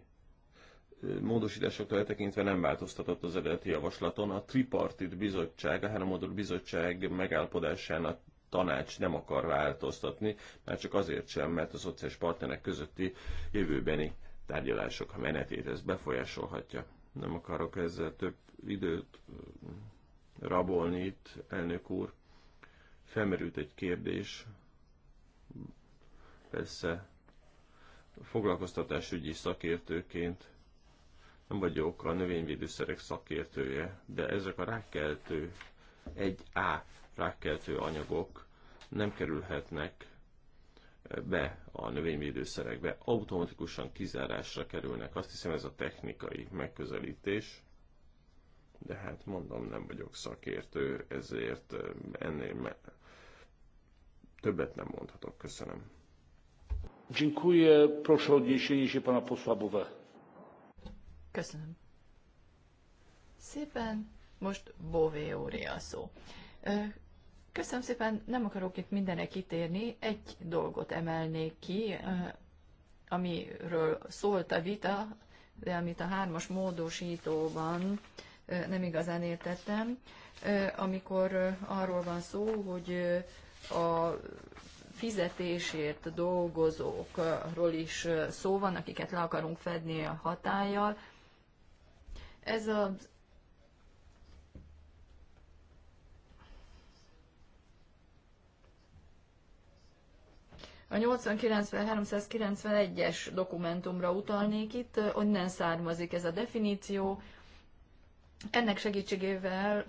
módosításoktól eltekintve nem változtatott az eredeti javaslaton. A tripartit bizottság, a három bizottság megállapodásán a tanács nem akar változtatni, már csak azért sem, mert a szociális partnerek közötti jövőbeni tárgyalások menetét ez befolyásolhatja. Nem akarok ezzel több időt rabolni itt, elnök úr. Felmerült egy kérdés, persze foglalkoztatásügyi szakértőként nem vagyok a növényvédőszerek szakértője, de ezek a rákkeltő, egy a rákkeltő anyagok nem kerülhetnek be a növényvédőszerekbe, automatikusan kizárásra kerülnek. Azt hiszem ez a technikai megközelítés, de hát mondom, nem vagyok szakértő, ezért eh, ennél többet nem mondhatok. Köszönöm. Dziękuję. Proszę o odniesienie się pana posła Bové. Köszönöm. Szépen most Bové úré a szó. Köszönöm szépen, nem akarok itt mindenre kitérni, egy dolgot emelnék ki, amiről szólt a vita, de amit a hármas módosítóban nem igazán értettem, amikor arról van szó, hogy a fizetésért dolgozókról is szó van, akiket le akarunk fedni a hatállyal. Ez a A 89391-es dokumentumra utalnék itt, onnan származik ez a definíció. Ennek segítségével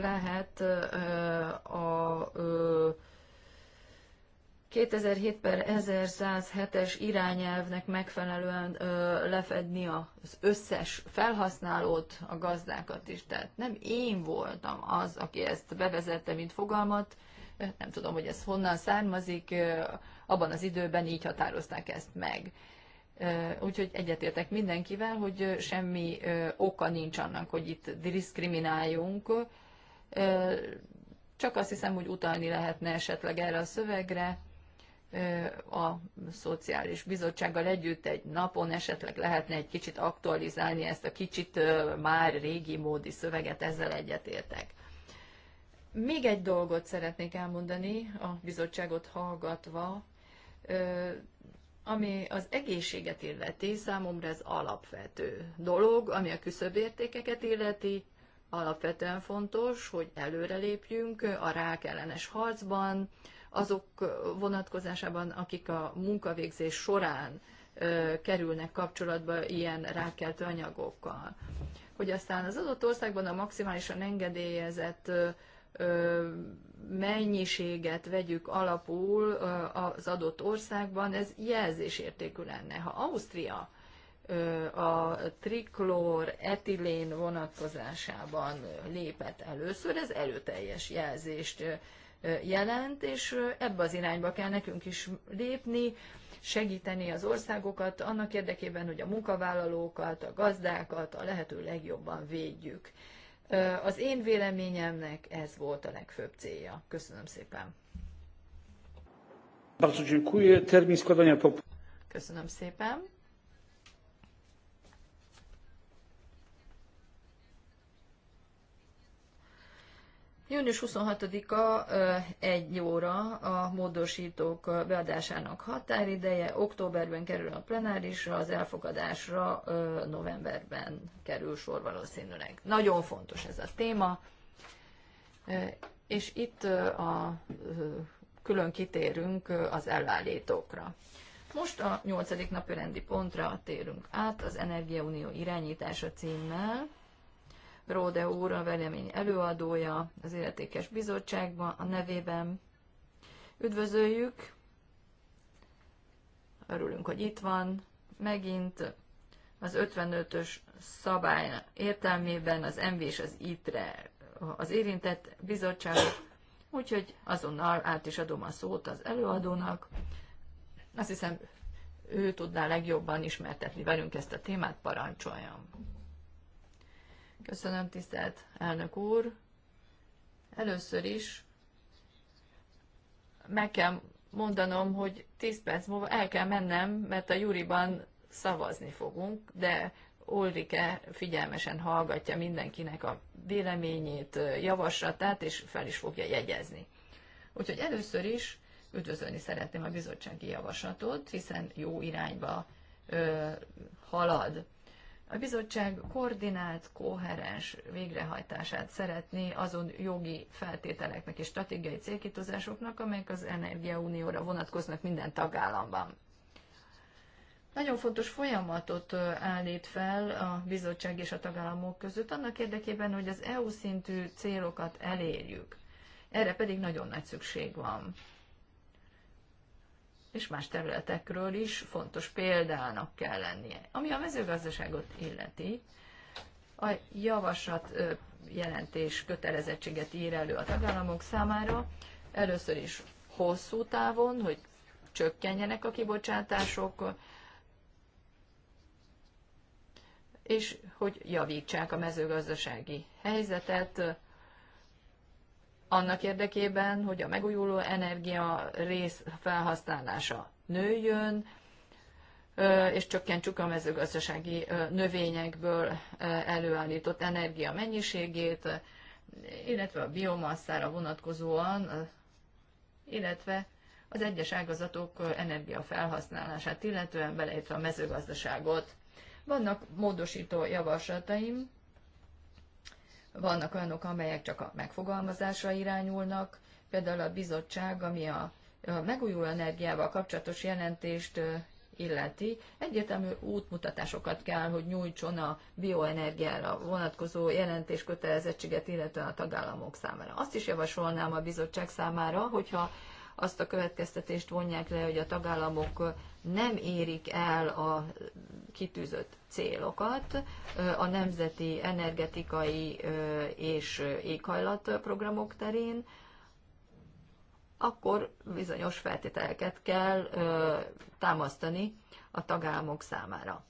lehet a 2007 per 1107-es irányelvnek megfelelően ö, lefedni az összes felhasználót, a gazdákat is. Tehát nem én voltam az, aki ezt bevezette, mint fogalmat. Nem tudom, hogy ez honnan származik, abban az időben így határozták ezt meg. Úgyhogy egyetértek mindenkivel, hogy semmi oka nincs annak, hogy itt diszkrimináljunk. Csak azt hiszem, hogy utalni lehetne esetleg erre a szövegre, a Szociális Bizottsággal együtt egy napon esetleg lehetne egy kicsit aktualizálni ezt a kicsit már régi módi szöveget, ezzel egyetértek. Még egy dolgot szeretnék elmondani a bizottságot hallgatva, ami az egészséget illeti, számomra ez alapvető dolog, ami a küszöbértékeket illeti, alapvetően fontos, hogy előrelépjünk a rák ellenes harcban, azok vonatkozásában, akik a munkavégzés során kerülnek kapcsolatba ilyen rákelt anyagokkal. Hogy aztán az adott országban a maximálisan engedélyezett mennyiséget vegyük alapul az adott országban, ez jelzésértékű lenne. Ha Ausztria a triklór etilén vonatkozásában lépett először, ez előteljes jelzést jelent, és ebbe az irányba kell nekünk is lépni, segíteni az országokat annak érdekében, hogy a munkavállalókat, a gazdákat a lehető legjobban védjük. Az én véleményemnek ez volt a legfőbb célja. Köszönöm szépen. Köszönöm szépen. Június 26-a egy óra a módosítók beadásának határideje, októberben kerül a plenárisra, az elfogadásra novemberben kerül sor valószínűleg. Nagyon fontos ez a téma, és itt a, külön kitérünk az elvállítókra. Most a nyolcadik napi rendi pontra térünk át az Energiaunió irányítása címmel. Róde úr, a Velemény előadója az Életékes Bizottságban, a nevében üdvözöljük. Örülünk, hogy itt van. Megint az 55-ös szabály értelmében az MV és az ITRE az érintett bizottságok, úgyhogy azonnal át is adom a szót az előadónak. Azt hiszem, ő tudná legjobban ismertetni velünk ezt a témát, parancsoljam. Köszönöm, tisztelt elnök úr. Először is meg kell mondanom, hogy 10 perc múlva el kell mennem, mert a Juriban szavazni fogunk, de Ulrike figyelmesen hallgatja mindenkinek a véleményét, javaslatát, és fel is fogja jegyezni. Úgyhogy először is üdvözölni szeretném a bizottsági javaslatot, hiszen jó irányba ö, halad. A bizottság koordinált, koherens végrehajtását szeretné azon jogi feltételeknek és stratégiai célkitozásoknak, amelyek az Energiaunióra vonatkoznak minden tagállamban. Nagyon fontos folyamatot állít fel a bizottság és a tagállamok között annak érdekében, hogy az EU szintű célokat elérjük. Erre pedig nagyon nagy szükség van és más területekről is fontos példának kell lennie. Ami a mezőgazdaságot illeti, a javaslat jelentés kötelezettséget ír elő a tagállamok számára, először is hosszú távon, hogy csökkenjenek a kibocsátások, és hogy javítsák a mezőgazdasági helyzetet, annak érdekében, hogy a megújuló energia rész felhasználása nőjön, és csökkentsük a mezőgazdasági növényekből előállított energia mennyiségét, illetve a biomasszára vonatkozóan, illetve az egyes ágazatok energiafelhasználását, illetően beleértve a mezőgazdaságot. Vannak módosító javaslataim, vannak olyanok, amelyek csak a megfogalmazásra irányulnak, például a bizottság, ami a, a megújuló energiával kapcsolatos jelentést illeti, egyértelmű útmutatásokat kell, hogy nyújtson a bioenergiára vonatkozó jelentés kötelezettséget, illetően a tagállamok számára. Azt is javasolnám a bizottság számára, hogyha azt a következtetést vonják le, hogy a tagállamok nem érik el a kitűzött célokat a nemzeti energetikai és programok terén, akkor bizonyos feltételeket kell támasztani a tagállamok számára.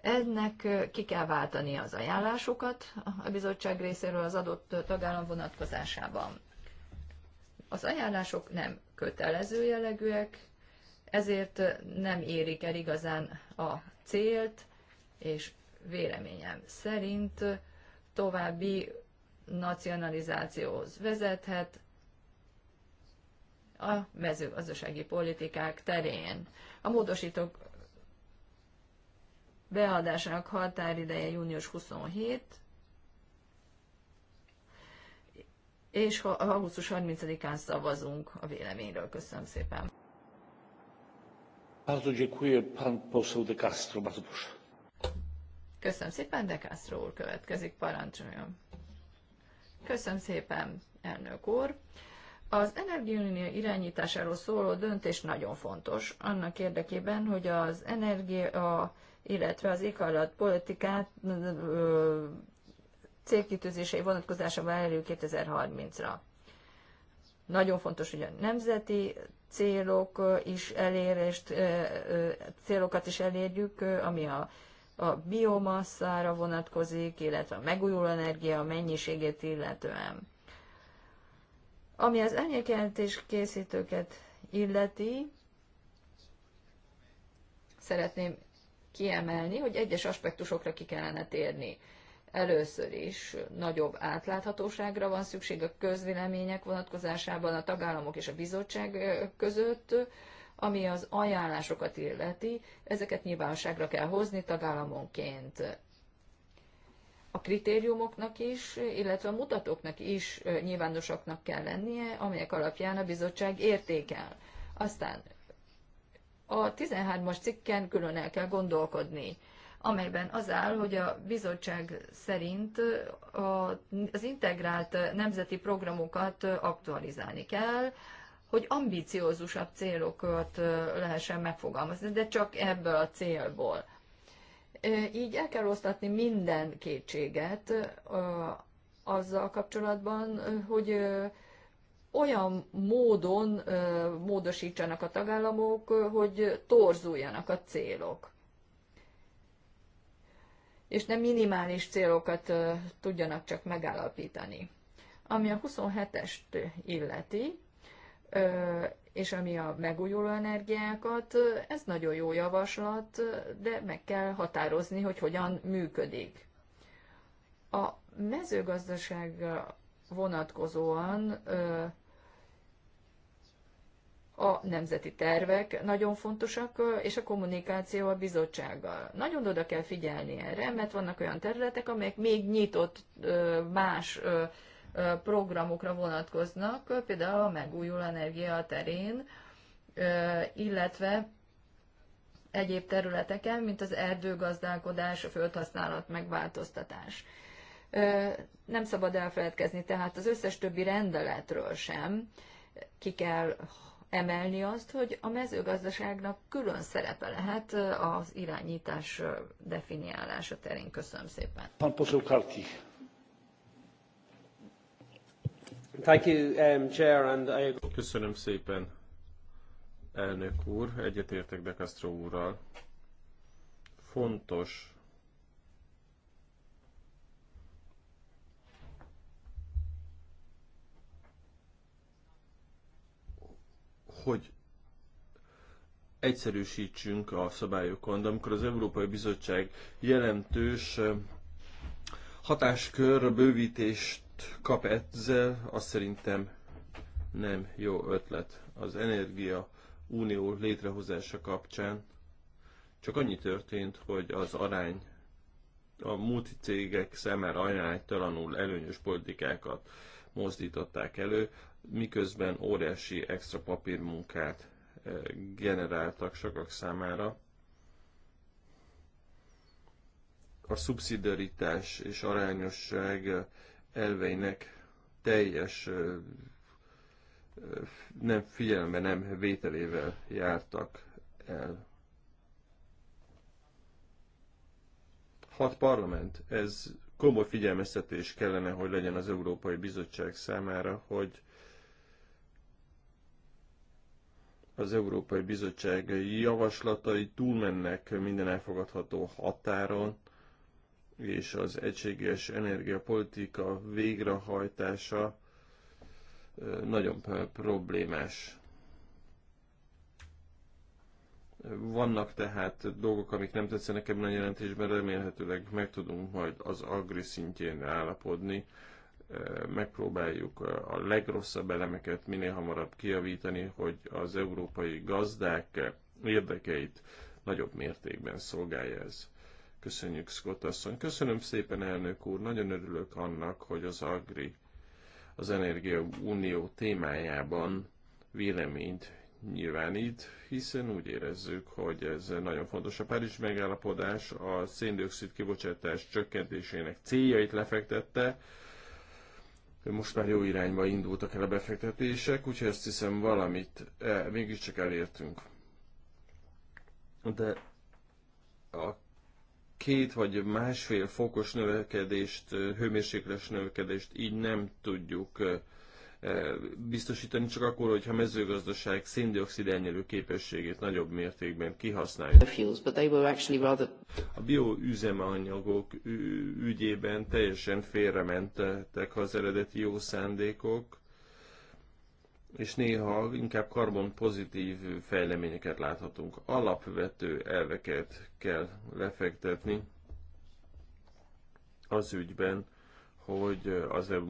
Ennek ki kell váltani az ajánlásokat a bizottság részéről az adott tagállam vonatkozásában. Az ajánlások nem kötelező jellegűek, ezért nem érik el igazán a célt, és véleményem szerint további nacionalizációhoz vezethet a mezőgazdasági politikák terén. A módosítók beadásának határideje június 27, és augusztus 30-án szavazunk a véleményről. Köszönöm szépen! Bardzo dziękuję, Köszönöm szépen, de Castro úr következik, parancsoljon. Köszönöm szépen, elnök úr. Az energiaunió irányításáról szóló döntés nagyon fontos, annak érdekében, hogy az energia, illetve az éghajlatpolitikát célkitűzései vonatkozásában elérjük 2030-ra. Nagyon fontos, hogy a nemzeti célok is elérést, célokat is elérjük, ami a, a biomasszára vonatkozik, illetve a megújuló energia mennyiségét illetően. Ami az elnyékjelentés készítőket illeti, szeretném kiemelni, hogy egyes aspektusokra ki kellene térni. Először is nagyobb átláthatóságra van szükség a közvélemények vonatkozásában a tagállamok és a bizottság között, ami az ajánlásokat illeti, ezeket nyilvánosságra kell hozni tagállamonként a kritériumoknak is, illetve a mutatóknak is nyilvánosaknak kell lennie, amelyek alapján a bizottság értékel. Aztán a 13-as cikken külön el kell gondolkodni amelyben az áll, hogy a bizottság szerint az integrált nemzeti programokat aktualizálni kell, hogy ambiciózusabb célokat lehessen megfogalmazni, de csak ebből a célból. Így el kell osztatni minden kétséget azzal kapcsolatban, hogy olyan módon módosítsanak a tagállamok, hogy torzuljanak a célok és nem minimális célokat tudjanak csak megállapítani. Ami a 27-est illeti, és ami a megújuló energiákat, ez nagyon jó javaslat, de meg kell határozni, hogy hogyan működik. A mezőgazdaság vonatkozóan a nemzeti tervek nagyon fontosak, és a kommunikáció a bizottsággal. Nagyon oda kell figyelni erre, mert vannak olyan területek, amelyek még nyitott más programokra vonatkoznak, például a megújuló energia terén, illetve egyéb területeken, mint az erdőgazdálkodás, a földhasználat megváltoztatás. Nem szabad elfeledkezni tehát az összes többi rendeletről sem, ki kell emelni azt, hogy a mezőgazdaságnak külön szerepe lehet az irányítás definiálása terén. Köszönöm szépen. Thank you, um, Chair, and I... Köszönöm szépen, elnök úr. Egyetértek De Castro úrral. Fontos hogy egyszerűsítsünk a szabályokon, de amikor az Európai Bizottság jelentős hatáskör bővítést kap ezzel, az szerintem nem jó ötlet. Az Energia Unió létrehozása kapcsán csak annyi történt, hogy az arány a multicégek számára ajánlástalanul előnyös politikákat mozdították elő, miközben óriási extra papírmunkát eh, generáltak sokak számára. A szubszidaritás és arányosság eh, elveinek teljes eh, nem figyelme, nem vételével jártak el. Hat parlament, ez komoly figyelmeztetés kellene, hogy legyen az Európai Bizottság számára, hogy az Európai Bizottság javaslatai túlmennek minden elfogadható határon, és az egységes energiapolitika végrehajtása nagyon problémás. Vannak tehát dolgok, amik nem tetszenek ebben a jelentésben, remélhetőleg meg tudunk majd az agri szintjén állapodni, megpróbáljuk a legrosszabb elemeket minél hamarabb kiavítani, hogy az európai gazdák érdekeit nagyobb mértékben szolgálja ez. Köszönjük, Scott asszony. Köszönöm szépen, elnök úr. Nagyon örülök annak, hogy az Agri az Energia Unió témájában véleményt nyilvánít, hiszen úgy érezzük, hogy ez nagyon fontos. A Párizs megállapodás a széndiokszid kibocsátás csökkentésének céljait lefektette, most már jó irányba indultak el a befektetések, úgyhogy ezt hiszem valamit e, mégis mégiscsak elértünk. De a két vagy másfél fokos növekedést, e, hőmérsékletes növekedést így nem tudjuk e, biztosítani csak akkor, hogyha a mezőgazdaság széndiokszid elnyelő képességét nagyobb mértékben kihasználjuk. A bioüzemanyagok ügyében teljesen félrementek az eredeti jó szándékok, és néha inkább karbon pozitív fejleményeket láthatunk. Alapvető elveket kell lefektetni az ügyben, hogy az e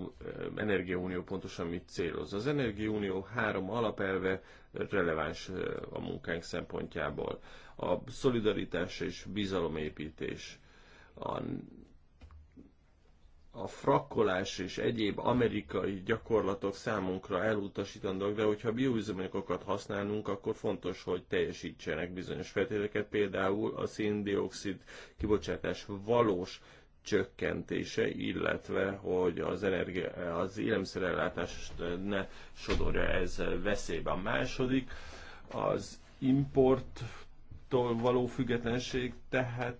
Energiaunió pontosan mit céloz. Az Energiaunió három alapelve releváns e, a munkánk szempontjából. A szolidaritás és bizalomépítés, a, a frakkolás és egyéb amerikai gyakorlatok számunkra elutasítandók, de hogyha bioüzemanyagokat használunk, akkor fontos, hogy teljesítsenek bizonyos feltételeket, például a széndiokszid kibocsátás valós csökkentése, illetve hogy az, energia, az élelmiszerellátást ne sodorja ez veszélybe. A második az importtól való függetlenség, tehát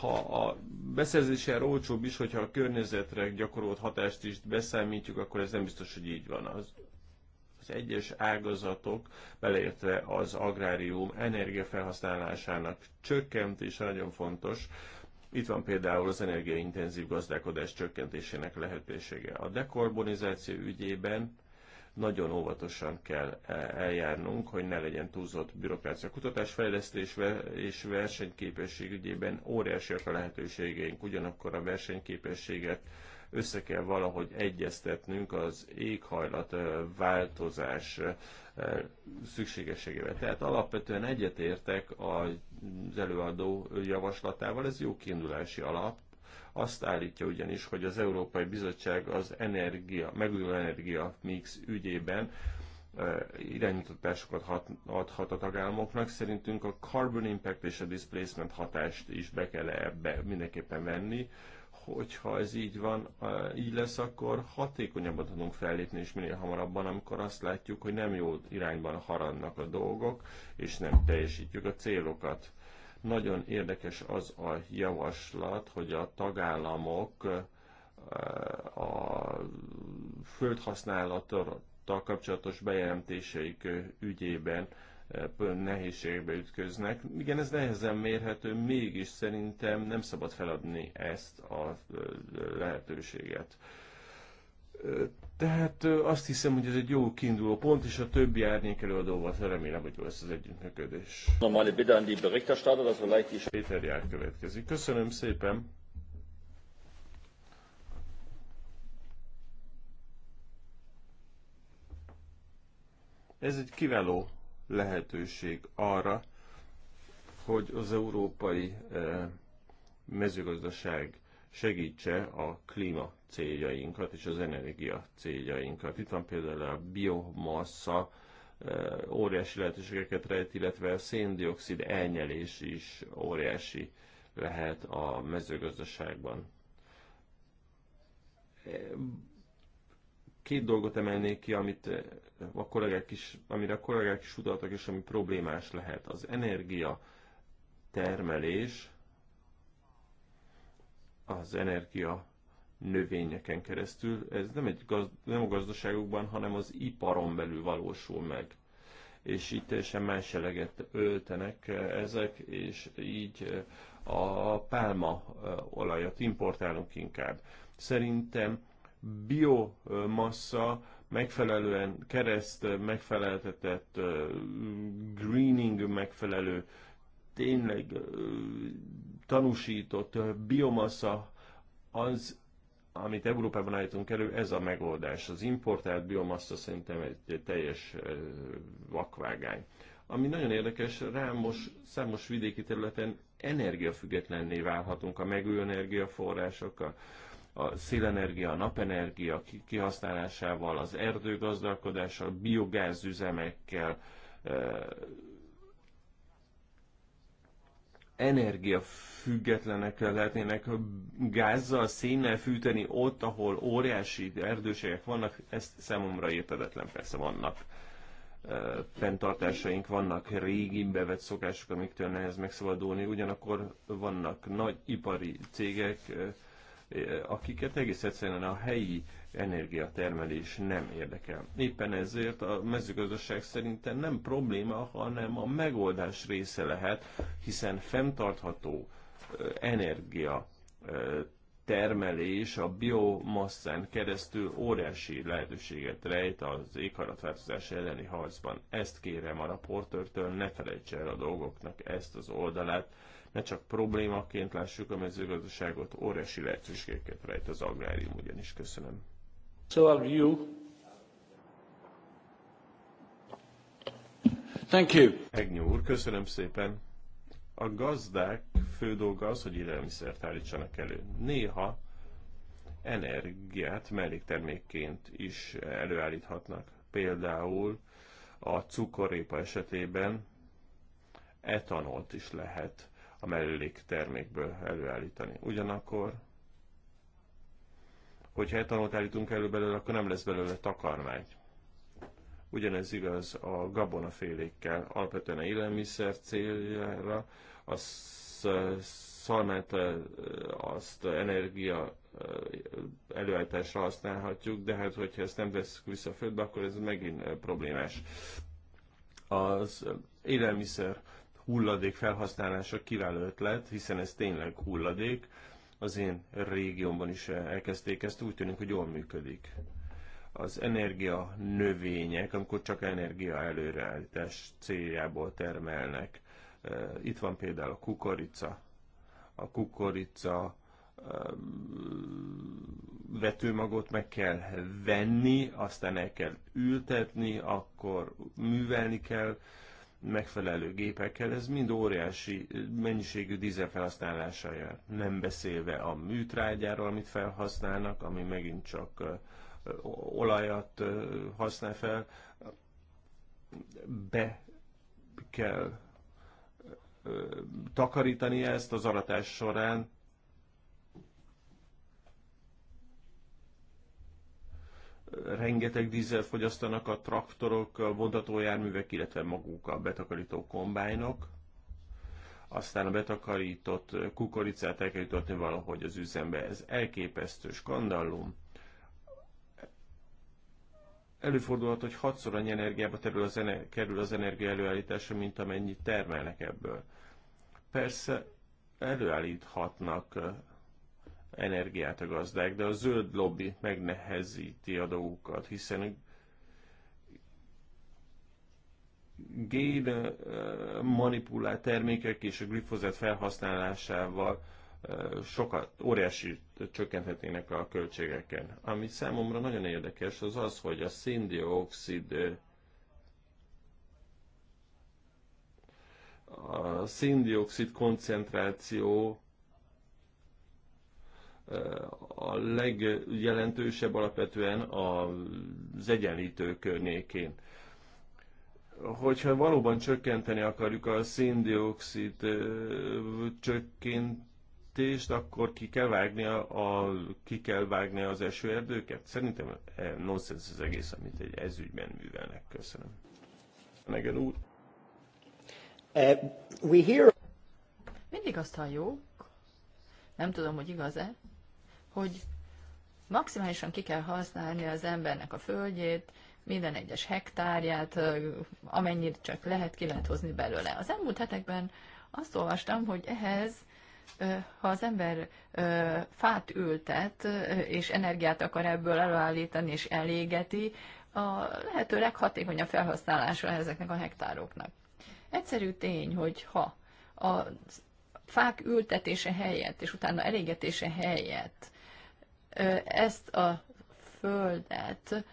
ha a beszerzés olcsóbb is, hogyha a környezetre gyakorolt hatást is beszámítjuk, akkor ez nem biztos, hogy így van. Az, az egyes ágazatok, beleértve az agrárium energiafelhasználásának csökkentése nagyon fontos, itt van például az energiaintenzív gazdálkodás csökkentésének lehetősége. A dekarbonizáció ügyében nagyon óvatosan kell e- eljárnunk, hogy ne legyen túlzott bürokrácia. Kutatás, fejlesztés és versenyképesség ügyében óriásiak a lehetőségeink, ugyanakkor a versenyképességet össze kell valahogy egyeztetnünk az éghajlat változás szükségességével. Tehát alapvetően egyetértek az előadó javaslatával, ez jó kiindulási alap. Azt állítja ugyanis, hogy az Európai Bizottság az energia, megújuló energia mix ügyében irányítottásokat hat, adhat a tagállamoknak. Szerintünk a carbon impact és a displacement hatást is be kell ebbe mindenképpen venni hogyha ez így van, így lesz, akkor hatékonyabban tudunk fellépni, és minél hamarabban, amikor azt látjuk, hogy nem jó irányban haradnak a dolgok, és nem teljesítjük a célokat. Nagyon érdekes az a javaslat, hogy a tagállamok a földhasználattal kapcsolatos bejelentéseik ügyében nehézségbe ütköznek. Igen, ez nehezen mérhető, mégis szerintem nem szabad feladni ezt a lehetőséget. Tehát azt hiszem, hogy ez egy jó kiinduló pont, és a többi árnyék előadóval remélem, hogy lesz az együttműködés. Normale Berichterstatter, dass vielleicht Péter Jár következik. Köszönöm szépen. Ez egy kiváló lehetőség arra, hogy az európai eh, mezőgazdaság segítse a klíma céljainkat és az energia céljainkat. Itt van például a biomassa, eh, óriási lehetőségeket rejt, illetve a széndiokszid elnyelés is óriási lehet a mezőgazdaságban. Két dolgot emelnék ki, amit eh, a kollégák is, amire a kollégák is utaltak, és ami problémás lehet. Az energia termelés, az energia növényeken keresztül. Ez nem, egy gaz, nem a gazdaságokban, hanem az iparon belül valósul meg. És itt teljesen más eleget öltenek eh, ezek, és így eh, a pálma olajat importálunk inkább. Szerintem biomassa megfelelően kereszt megfeleltetett greening megfelelő tényleg tanúsított biomassa az, amit Európában állítunk elő, ez a megoldás. Az importált biomassa szerintem egy teljes vakvágány. Ami nagyon érdekes, rámos számos vidéki területen energiafüggetlenné válhatunk a megújuló energiaforrásokkal a szélenergia, a napenergia kihasználásával, az erdőgazdálkodással, biogázüzemekkel, energiafüggetlenek lehetnének gázzal, szénnel fűteni ott, ahol óriási erdőségek vannak, ezt számomra értedetlen persze vannak fenntartásaink, vannak régi bevett szokások, amiktől nehez megszabadulni, ugyanakkor vannak nagy ipari cégek, Eh, akiket egész egyszerűen a helyi energiatermelés nem érdekel. Éppen ezért a mezőgazdaság szerintem nem probléma, hanem a megoldás része lehet, hiszen fenntartható eh, energia eh, termelés a biomasszán keresztül óriási lehetőséget rejt az éghajlatváltozás elleni harcban. Ezt kérem a raportőrtől, ne felejts el a dolgoknak ezt az oldalát, ne csak problémaként lássuk a mezőgazdaságot, óriási lehetőségeket rejt az agrárium ugyanis. Köszönöm. So are you. Thank you. Egnyi úr, köszönöm szépen. A gazdák fő dolga az, hogy élelmiszert állítsanak elő. Néha energiát melléktermékként is előállíthatnak. Például a cukorépa esetében etanolt is lehet a mellék termékből előállítani. Ugyanakkor, hogyha etanolt állítunk elő belőle, akkor nem lesz belőle takarmány. Ugyanez igaz a gabonafélékkel, alapvetően a élelmiszer céljára, a szalmát azt energia előállításra használhatjuk, de hát hogyha ezt nem veszük vissza a földbe, akkor ez megint problémás. Az élelmiszer hulladék felhasználása kiváló ötlet, hiszen ez tényleg hulladék. Az én régiómban is elkezdték ezt, úgy tűnik, hogy jól működik. Az energia növények, amikor csak energia előreállítás céljából termelnek. Itt van például a kukorica. A kukorica vetőmagot meg kell venni, aztán el kell ültetni, akkor művelni kell, megfelelő gépekkel, ez mind óriási mennyiségű dízel felhasználással jár. Nem beszélve a műtrágyáról, amit felhasználnak, ami megint csak olajat használ fel, be kell takarítani ezt az aratás során, rengeteg dízel fogyasztanak a traktorok, a vontatójárművek, illetve maguk a betakarító kombájnok. Aztán a betakarított kukoricát el kell jutatni valahogy az üzembe. Ez elképesztő skandallum. Előfordulhat, hogy hatszor annyi energiába terül az ener- kerül az energia előállítása, mint amennyit termelnek ebből. Persze előállíthatnak energiát a gazdák, de a zöld lobby megnehezíti a dolgokat, hiszen gén eh, manipulált termékek és a glifozát felhasználásával eh, sokat, óriási csökkenthetnének a költségeken. Ami számomra nagyon érdekes, az az, hogy a széndiokszid eh, a széndiokszid koncentráció a legjelentősebb alapvetően az egyenlítő környékén. Hogyha valóban csökkenteni akarjuk a széndiokszid csökkentést, akkor ki kell vágni, a, ki kell vágni az esőerdőket? Szerintem e, nonsens az egész, amit egy ezügyben művelnek. Köszönöm. Neged úr. Uh, we hear... Mindig azt halljuk, nem tudom, hogy igaz-e, hogy maximálisan ki kell használni az embernek a földjét, minden egyes hektárját, amennyit csak lehet, ki lehet hozni belőle. Az elmúlt hetekben azt olvastam, hogy ehhez, ha az ember fát ültet, és energiát akar ebből előállítani és elégeti, a lehető leghatékonyabb felhasználása ezeknek a hektároknak. Egyszerű tény, hogy ha a fák ültetése helyett, és utána elégetése helyett ezt a földet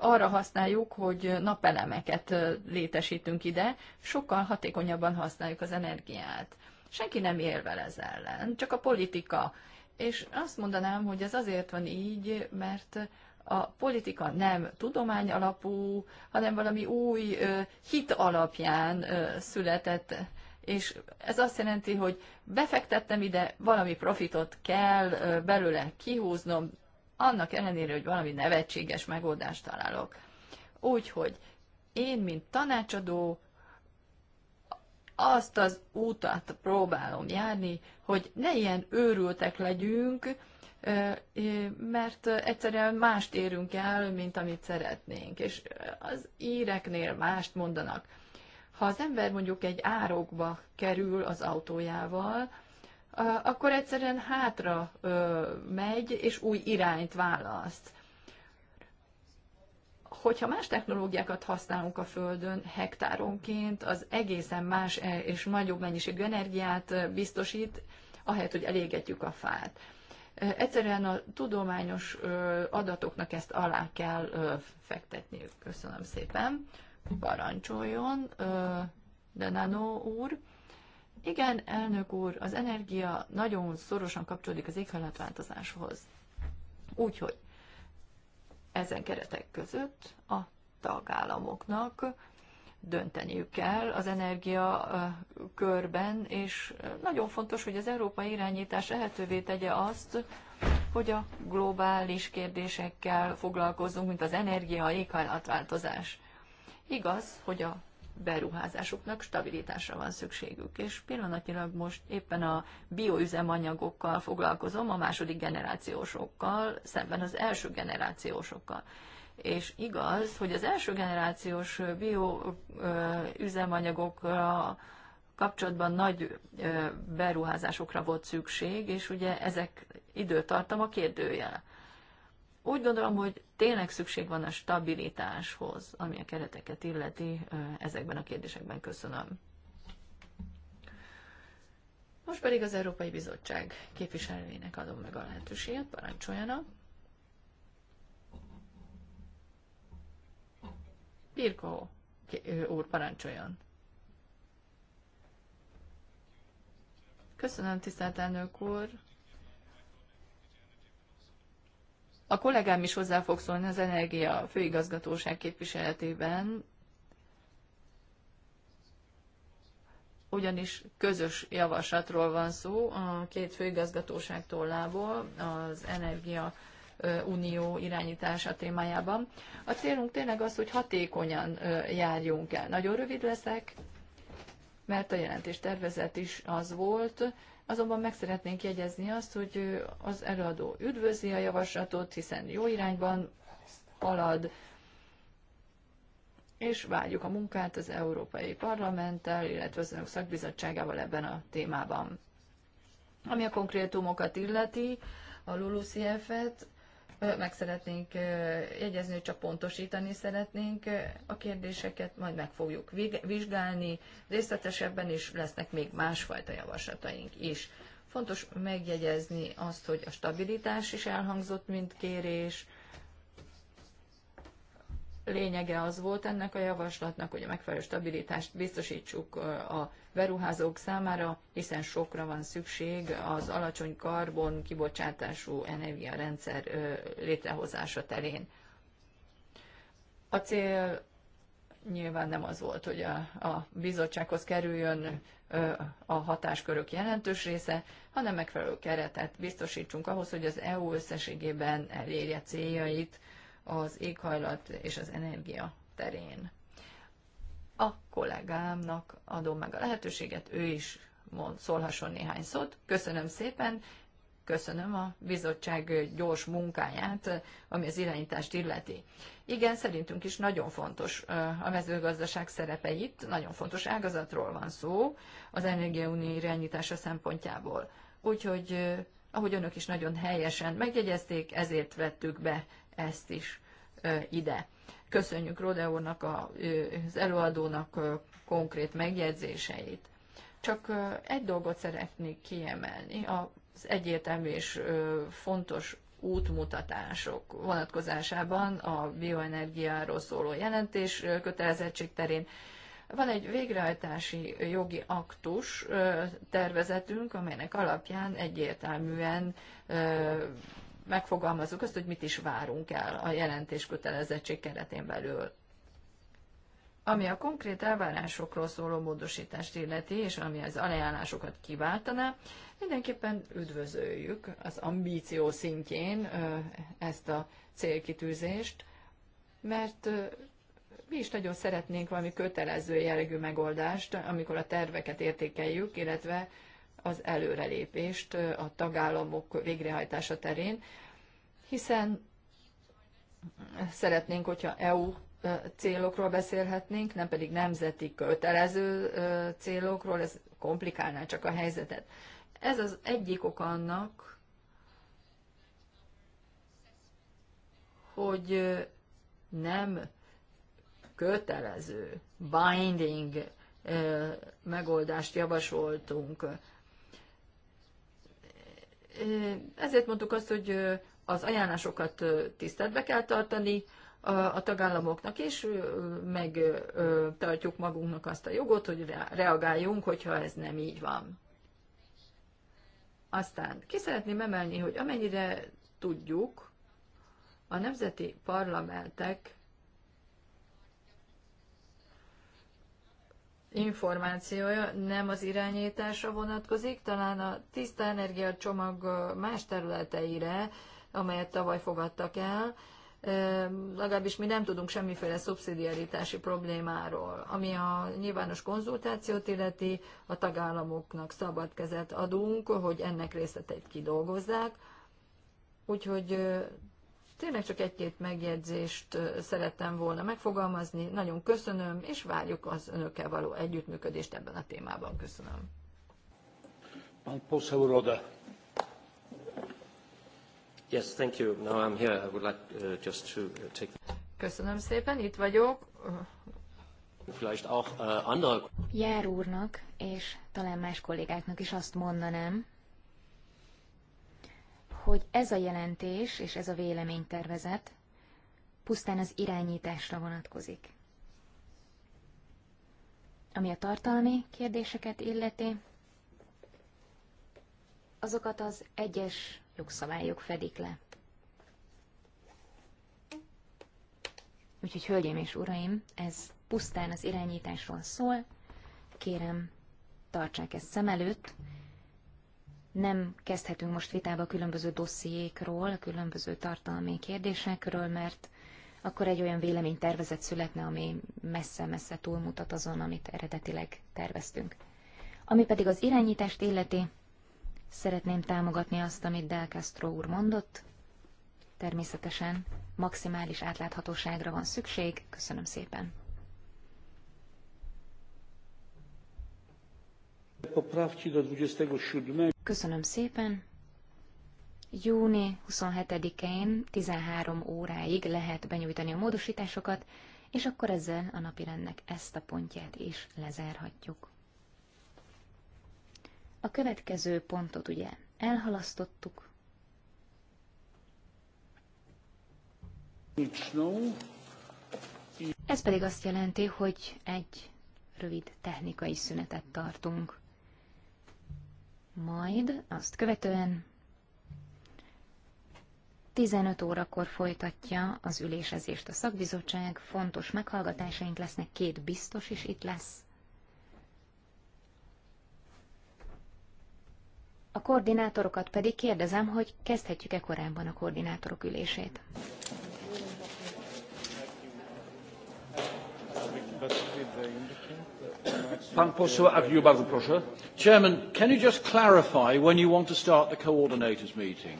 arra használjuk, hogy napelemeket létesítünk ide, sokkal hatékonyabban használjuk az energiát. Senki nem érvel ez ellen, csak a politika. És azt mondanám, hogy ez azért van így, mert a politika nem tudomány alapú, hanem valami új hit alapján született és ez azt jelenti, hogy befektettem ide, valami profitot kell belőle kihúznom, annak ellenére, hogy valami nevetséges megoldást találok. Úgyhogy én, mint tanácsadó, azt az útat próbálom járni, hogy ne ilyen őrültek legyünk, mert egyszerűen mást érünk el, mint amit szeretnénk, és az íreknél mást mondanak. Ha az ember mondjuk egy árokba kerül az autójával, akkor egyszerűen hátra megy, és új irányt választ. Hogyha más technológiákat használunk a Földön hektáronként, az egészen más e, és nagyobb mennyiségű energiát biztosít, ahelyett, hogy elégetjük a fát. Egyszerűen a tudományos adatoknak ezt alá kell fektetniük. Köszönöm szépen. Parancsoljon, de Nano úr. Igen, elnök úr, az energia nagyon szorosan kapcsolódik az éghajlatváltozáshoz. Úgyhogy ezen keretek között a tagállamoknak dönteniük kell az energia körben, és nagyon fontos, hogy az európai irányítás lehetővé tegye azt, hogy a globális kérdésekkel foglalkozunk, mint az energia, éghajlatváltozás. Igaz, hogy a beruházásuknak stabilitásra van szükségük. És pillanatilag most éppen a bioüzemanyagokkal foglalkozom, a második generációsokkal, szemben az első generációsokkal. És igaz, hogy az első generációs bioüzemanyagokra kapcsolatban nagy beruházásokra volt szükség, és ugye ezek időtartama kérdőjel. Úgy gondolom, hogy tényleg szükség van a stabilitáshoz, ami a kereteket illeti ezekben a kérdésekben. Köszönöm. Most pedig az Európai Bizottság képviselőjének adom meg a lehetőséget, parancsoljanak. Pirko úr, parancsoljon. Köszönöm, tisztelt elnök úr. A kollégám is hozzá fog szólni az Energia Főigazgatóság képviseletében, ugyanis közös javaslatról van szó a két főigazgatóság tollából az Energia Unió irányítása témájában. A célunk tényleg az, hogy hatékonyan járjunk el. Nagyon rövid leszek, mert a jelentés tervezet is az volt, Azonban meg szeretnénk jegyezni azt, hogy az előadó üdvözli a javaslatot, hiszen jó irányban halad, és várjuk a munkát az Európai Parlamenttel, illetve az önök szakbizottságával ebben a témában. Ami a konkrétumokat illeti, a LULUCF-et, meg szeretnénk jegyezni, hogy csak pontosítani szeretnénk a kérdéseket, majd meg fogjuk vizsgálni részletesebben, és lesznek még másfajta javaslataink is. Fontos megjegyezni azt, hogy a stabilitás is elhangzott, mint kérés, lényege az volt ennek a javaslatnak, hogy a megfelelő stabilitást biztosítsuk a beruházók számára, hiszen sokra van szükség az alacsony karbon kibocsátású energiarendszer létrehozása terén. A cél nyilván nem az volt, hogy a, a bizottsághoz kerüljön a hatáskörök jelentős része, hanem megfelelő keretet biztosítsunk ahhoz, hogy az EU összességében elérje céljait, az éghajlat és az energia terén. A kollégámnak adom meg a lehetőséget, ő is mond, szólhasson néhány szót. Köszönöm szépen, köszönöm a bizottság gyors munkáját, ami az irányítást illeti. Igen, szerintünk is nagyon fontos a mezőgazdaság szerepe itt, nagyon fontos ágazatról van szó az Energiaunió irányítása szempontjából. Úgyhogy, ahogy önök is nagyon helyesen megjegyezték, ezért vettük be ezt is ide. Köszönjük Rode úrnak, az előadónak konkrét megjegyzéseit. Csak egy dolgot szeretnék kiemelni, az egyértelmű és fontos útmutatások vonatkozásában a bioenergiáról szóló jelentés kötelezettség terén. Van egy végrehajtási jogi aktus tervezetünk, amelynek alapján egyértelműen megfogalmazzuk azt, hogy mit is várunk el a jelentés kötelezettség keretén belül. Ami a konkrét elvárásokról szóló módosítást illeti, és ami az ajánlásokat kiváltaná, mindenképpen üdvözöljük az ambíció szintjén ezt a célkitűzést, mert mi is nagyon szeretnénk valami kötelező jellegű megoldást, amikor a terveket értékeljük, illetve az előrelépést a tagállamok végrehajtása terén, hiszen szeretnénk, hogyha EU célokról beszélhetnénk, nem pedig nemzeti kötelező célokról, ez komplikálná csak a helyzetet. Ez az egyik ok annak, hogy nem kötelező, binding megoldást javasoltunk ezért mondtuk azt, hogy az ajánlásokat tiszteletbe kell tartani a tagállamoknak, és megtartjuk magunknak azt a jogot, hogy reagáljunk, hogyha ez nem így van. Aztán ki szeretném emelni, hogy amennyire tudjuk, a nemzeti parlamentek információja nem az irányításra vonatkozik, talán a tiszta energia csomag más területeire, amelyet tavaly fogadtak el, legalábbis mi nem tudunk semmiféle szubszidiaritási problémáról. Ami a nyilvános konzultációt illeti, a tagállamoknak szabad kezet adunk, hogy ennek részleteit kidolgozzák, úgyhogy Tényleg csak egy-két megjegyzést szerettem volna megfogalmazni. Nagyon köszönöm, és várjuk az önökkel való együttműködést ebben a témában. Köszönöm. Pán poseł Roda. Yes, thank you. Now I'm here. I would like uh, just to uh, take... Köszönöm szépen, itt vagyok. Vielleicht auch uh, andere... Jár úrnak, és talán más kollégáknak is azt mondanám, hogy ez a jelentés és ez a véleménytervezet pusztán az irányításra vonatkozik. Ami a tartalmi kérdéseket illeti, azokat az egyes jogszabályok fedik le. Úgyhogy, hölgyeim és uraim, ez pusztán az irányításról szól. Kérem, tartsák ezt szem előtt, nem kezdhetünk most vitába a különböző dossziékról, a különböző tartalmi kérdésekről, mert akkor egy olyan véleménytervezet születne, ami messze-messze túlmutat azon, amit eredetileg terveztünk. Ami pedig az irányítást illeti, szeretném támogatni azt, amit Del Castro úr mondott. Természetesen maximális átláthatóságra van szükség. Köszönöm szépen! Köszönöm szépen. Júni 27-én 13 óráig lehet benyújtani a módosításokat, és akkor ezzel a napirendnek ezt a pontját is lezárhatjuk. A következő pontot ugye elhalasztottuk. Ez pedig azt jelenti, hogy egy rövid technikai szünetet tartunk. Majd azt követően 15 órakor folytatja az ülésezést a szakbizottság, fontos meghallgatásaink lesznek, két biztos is itt lesz. A koordinátorokat pedig kérdezem, hogy kezdhetjük-e korábban a koordinátorok ülését. But with the Pan poseł Agnew, bardzo proszę. Chairman, can you just clarify when you want to start the coordinators meeting?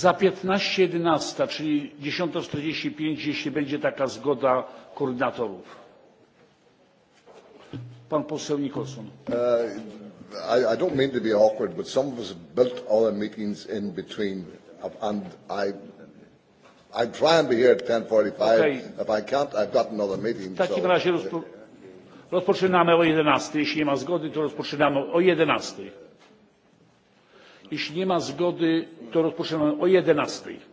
za piętnaście jedenaście czyli dziesięć czterdzieści pięć jeśli będzie taka zgoda koordynatorów. pan poseł nicholson. Uh, I, I don't mean to be awkward, but some of us have built all our meetings in between, uh, and I, I try and be here at 10:45. Okay. If I can't, I've got another meeting. W takim so. razie rozpo rozpoczynamy o 11. Jeśli nie ma zgody, to rozpoczynamy o 11 jeśli nie ma zgody to rozpoczynamy o jedenastej.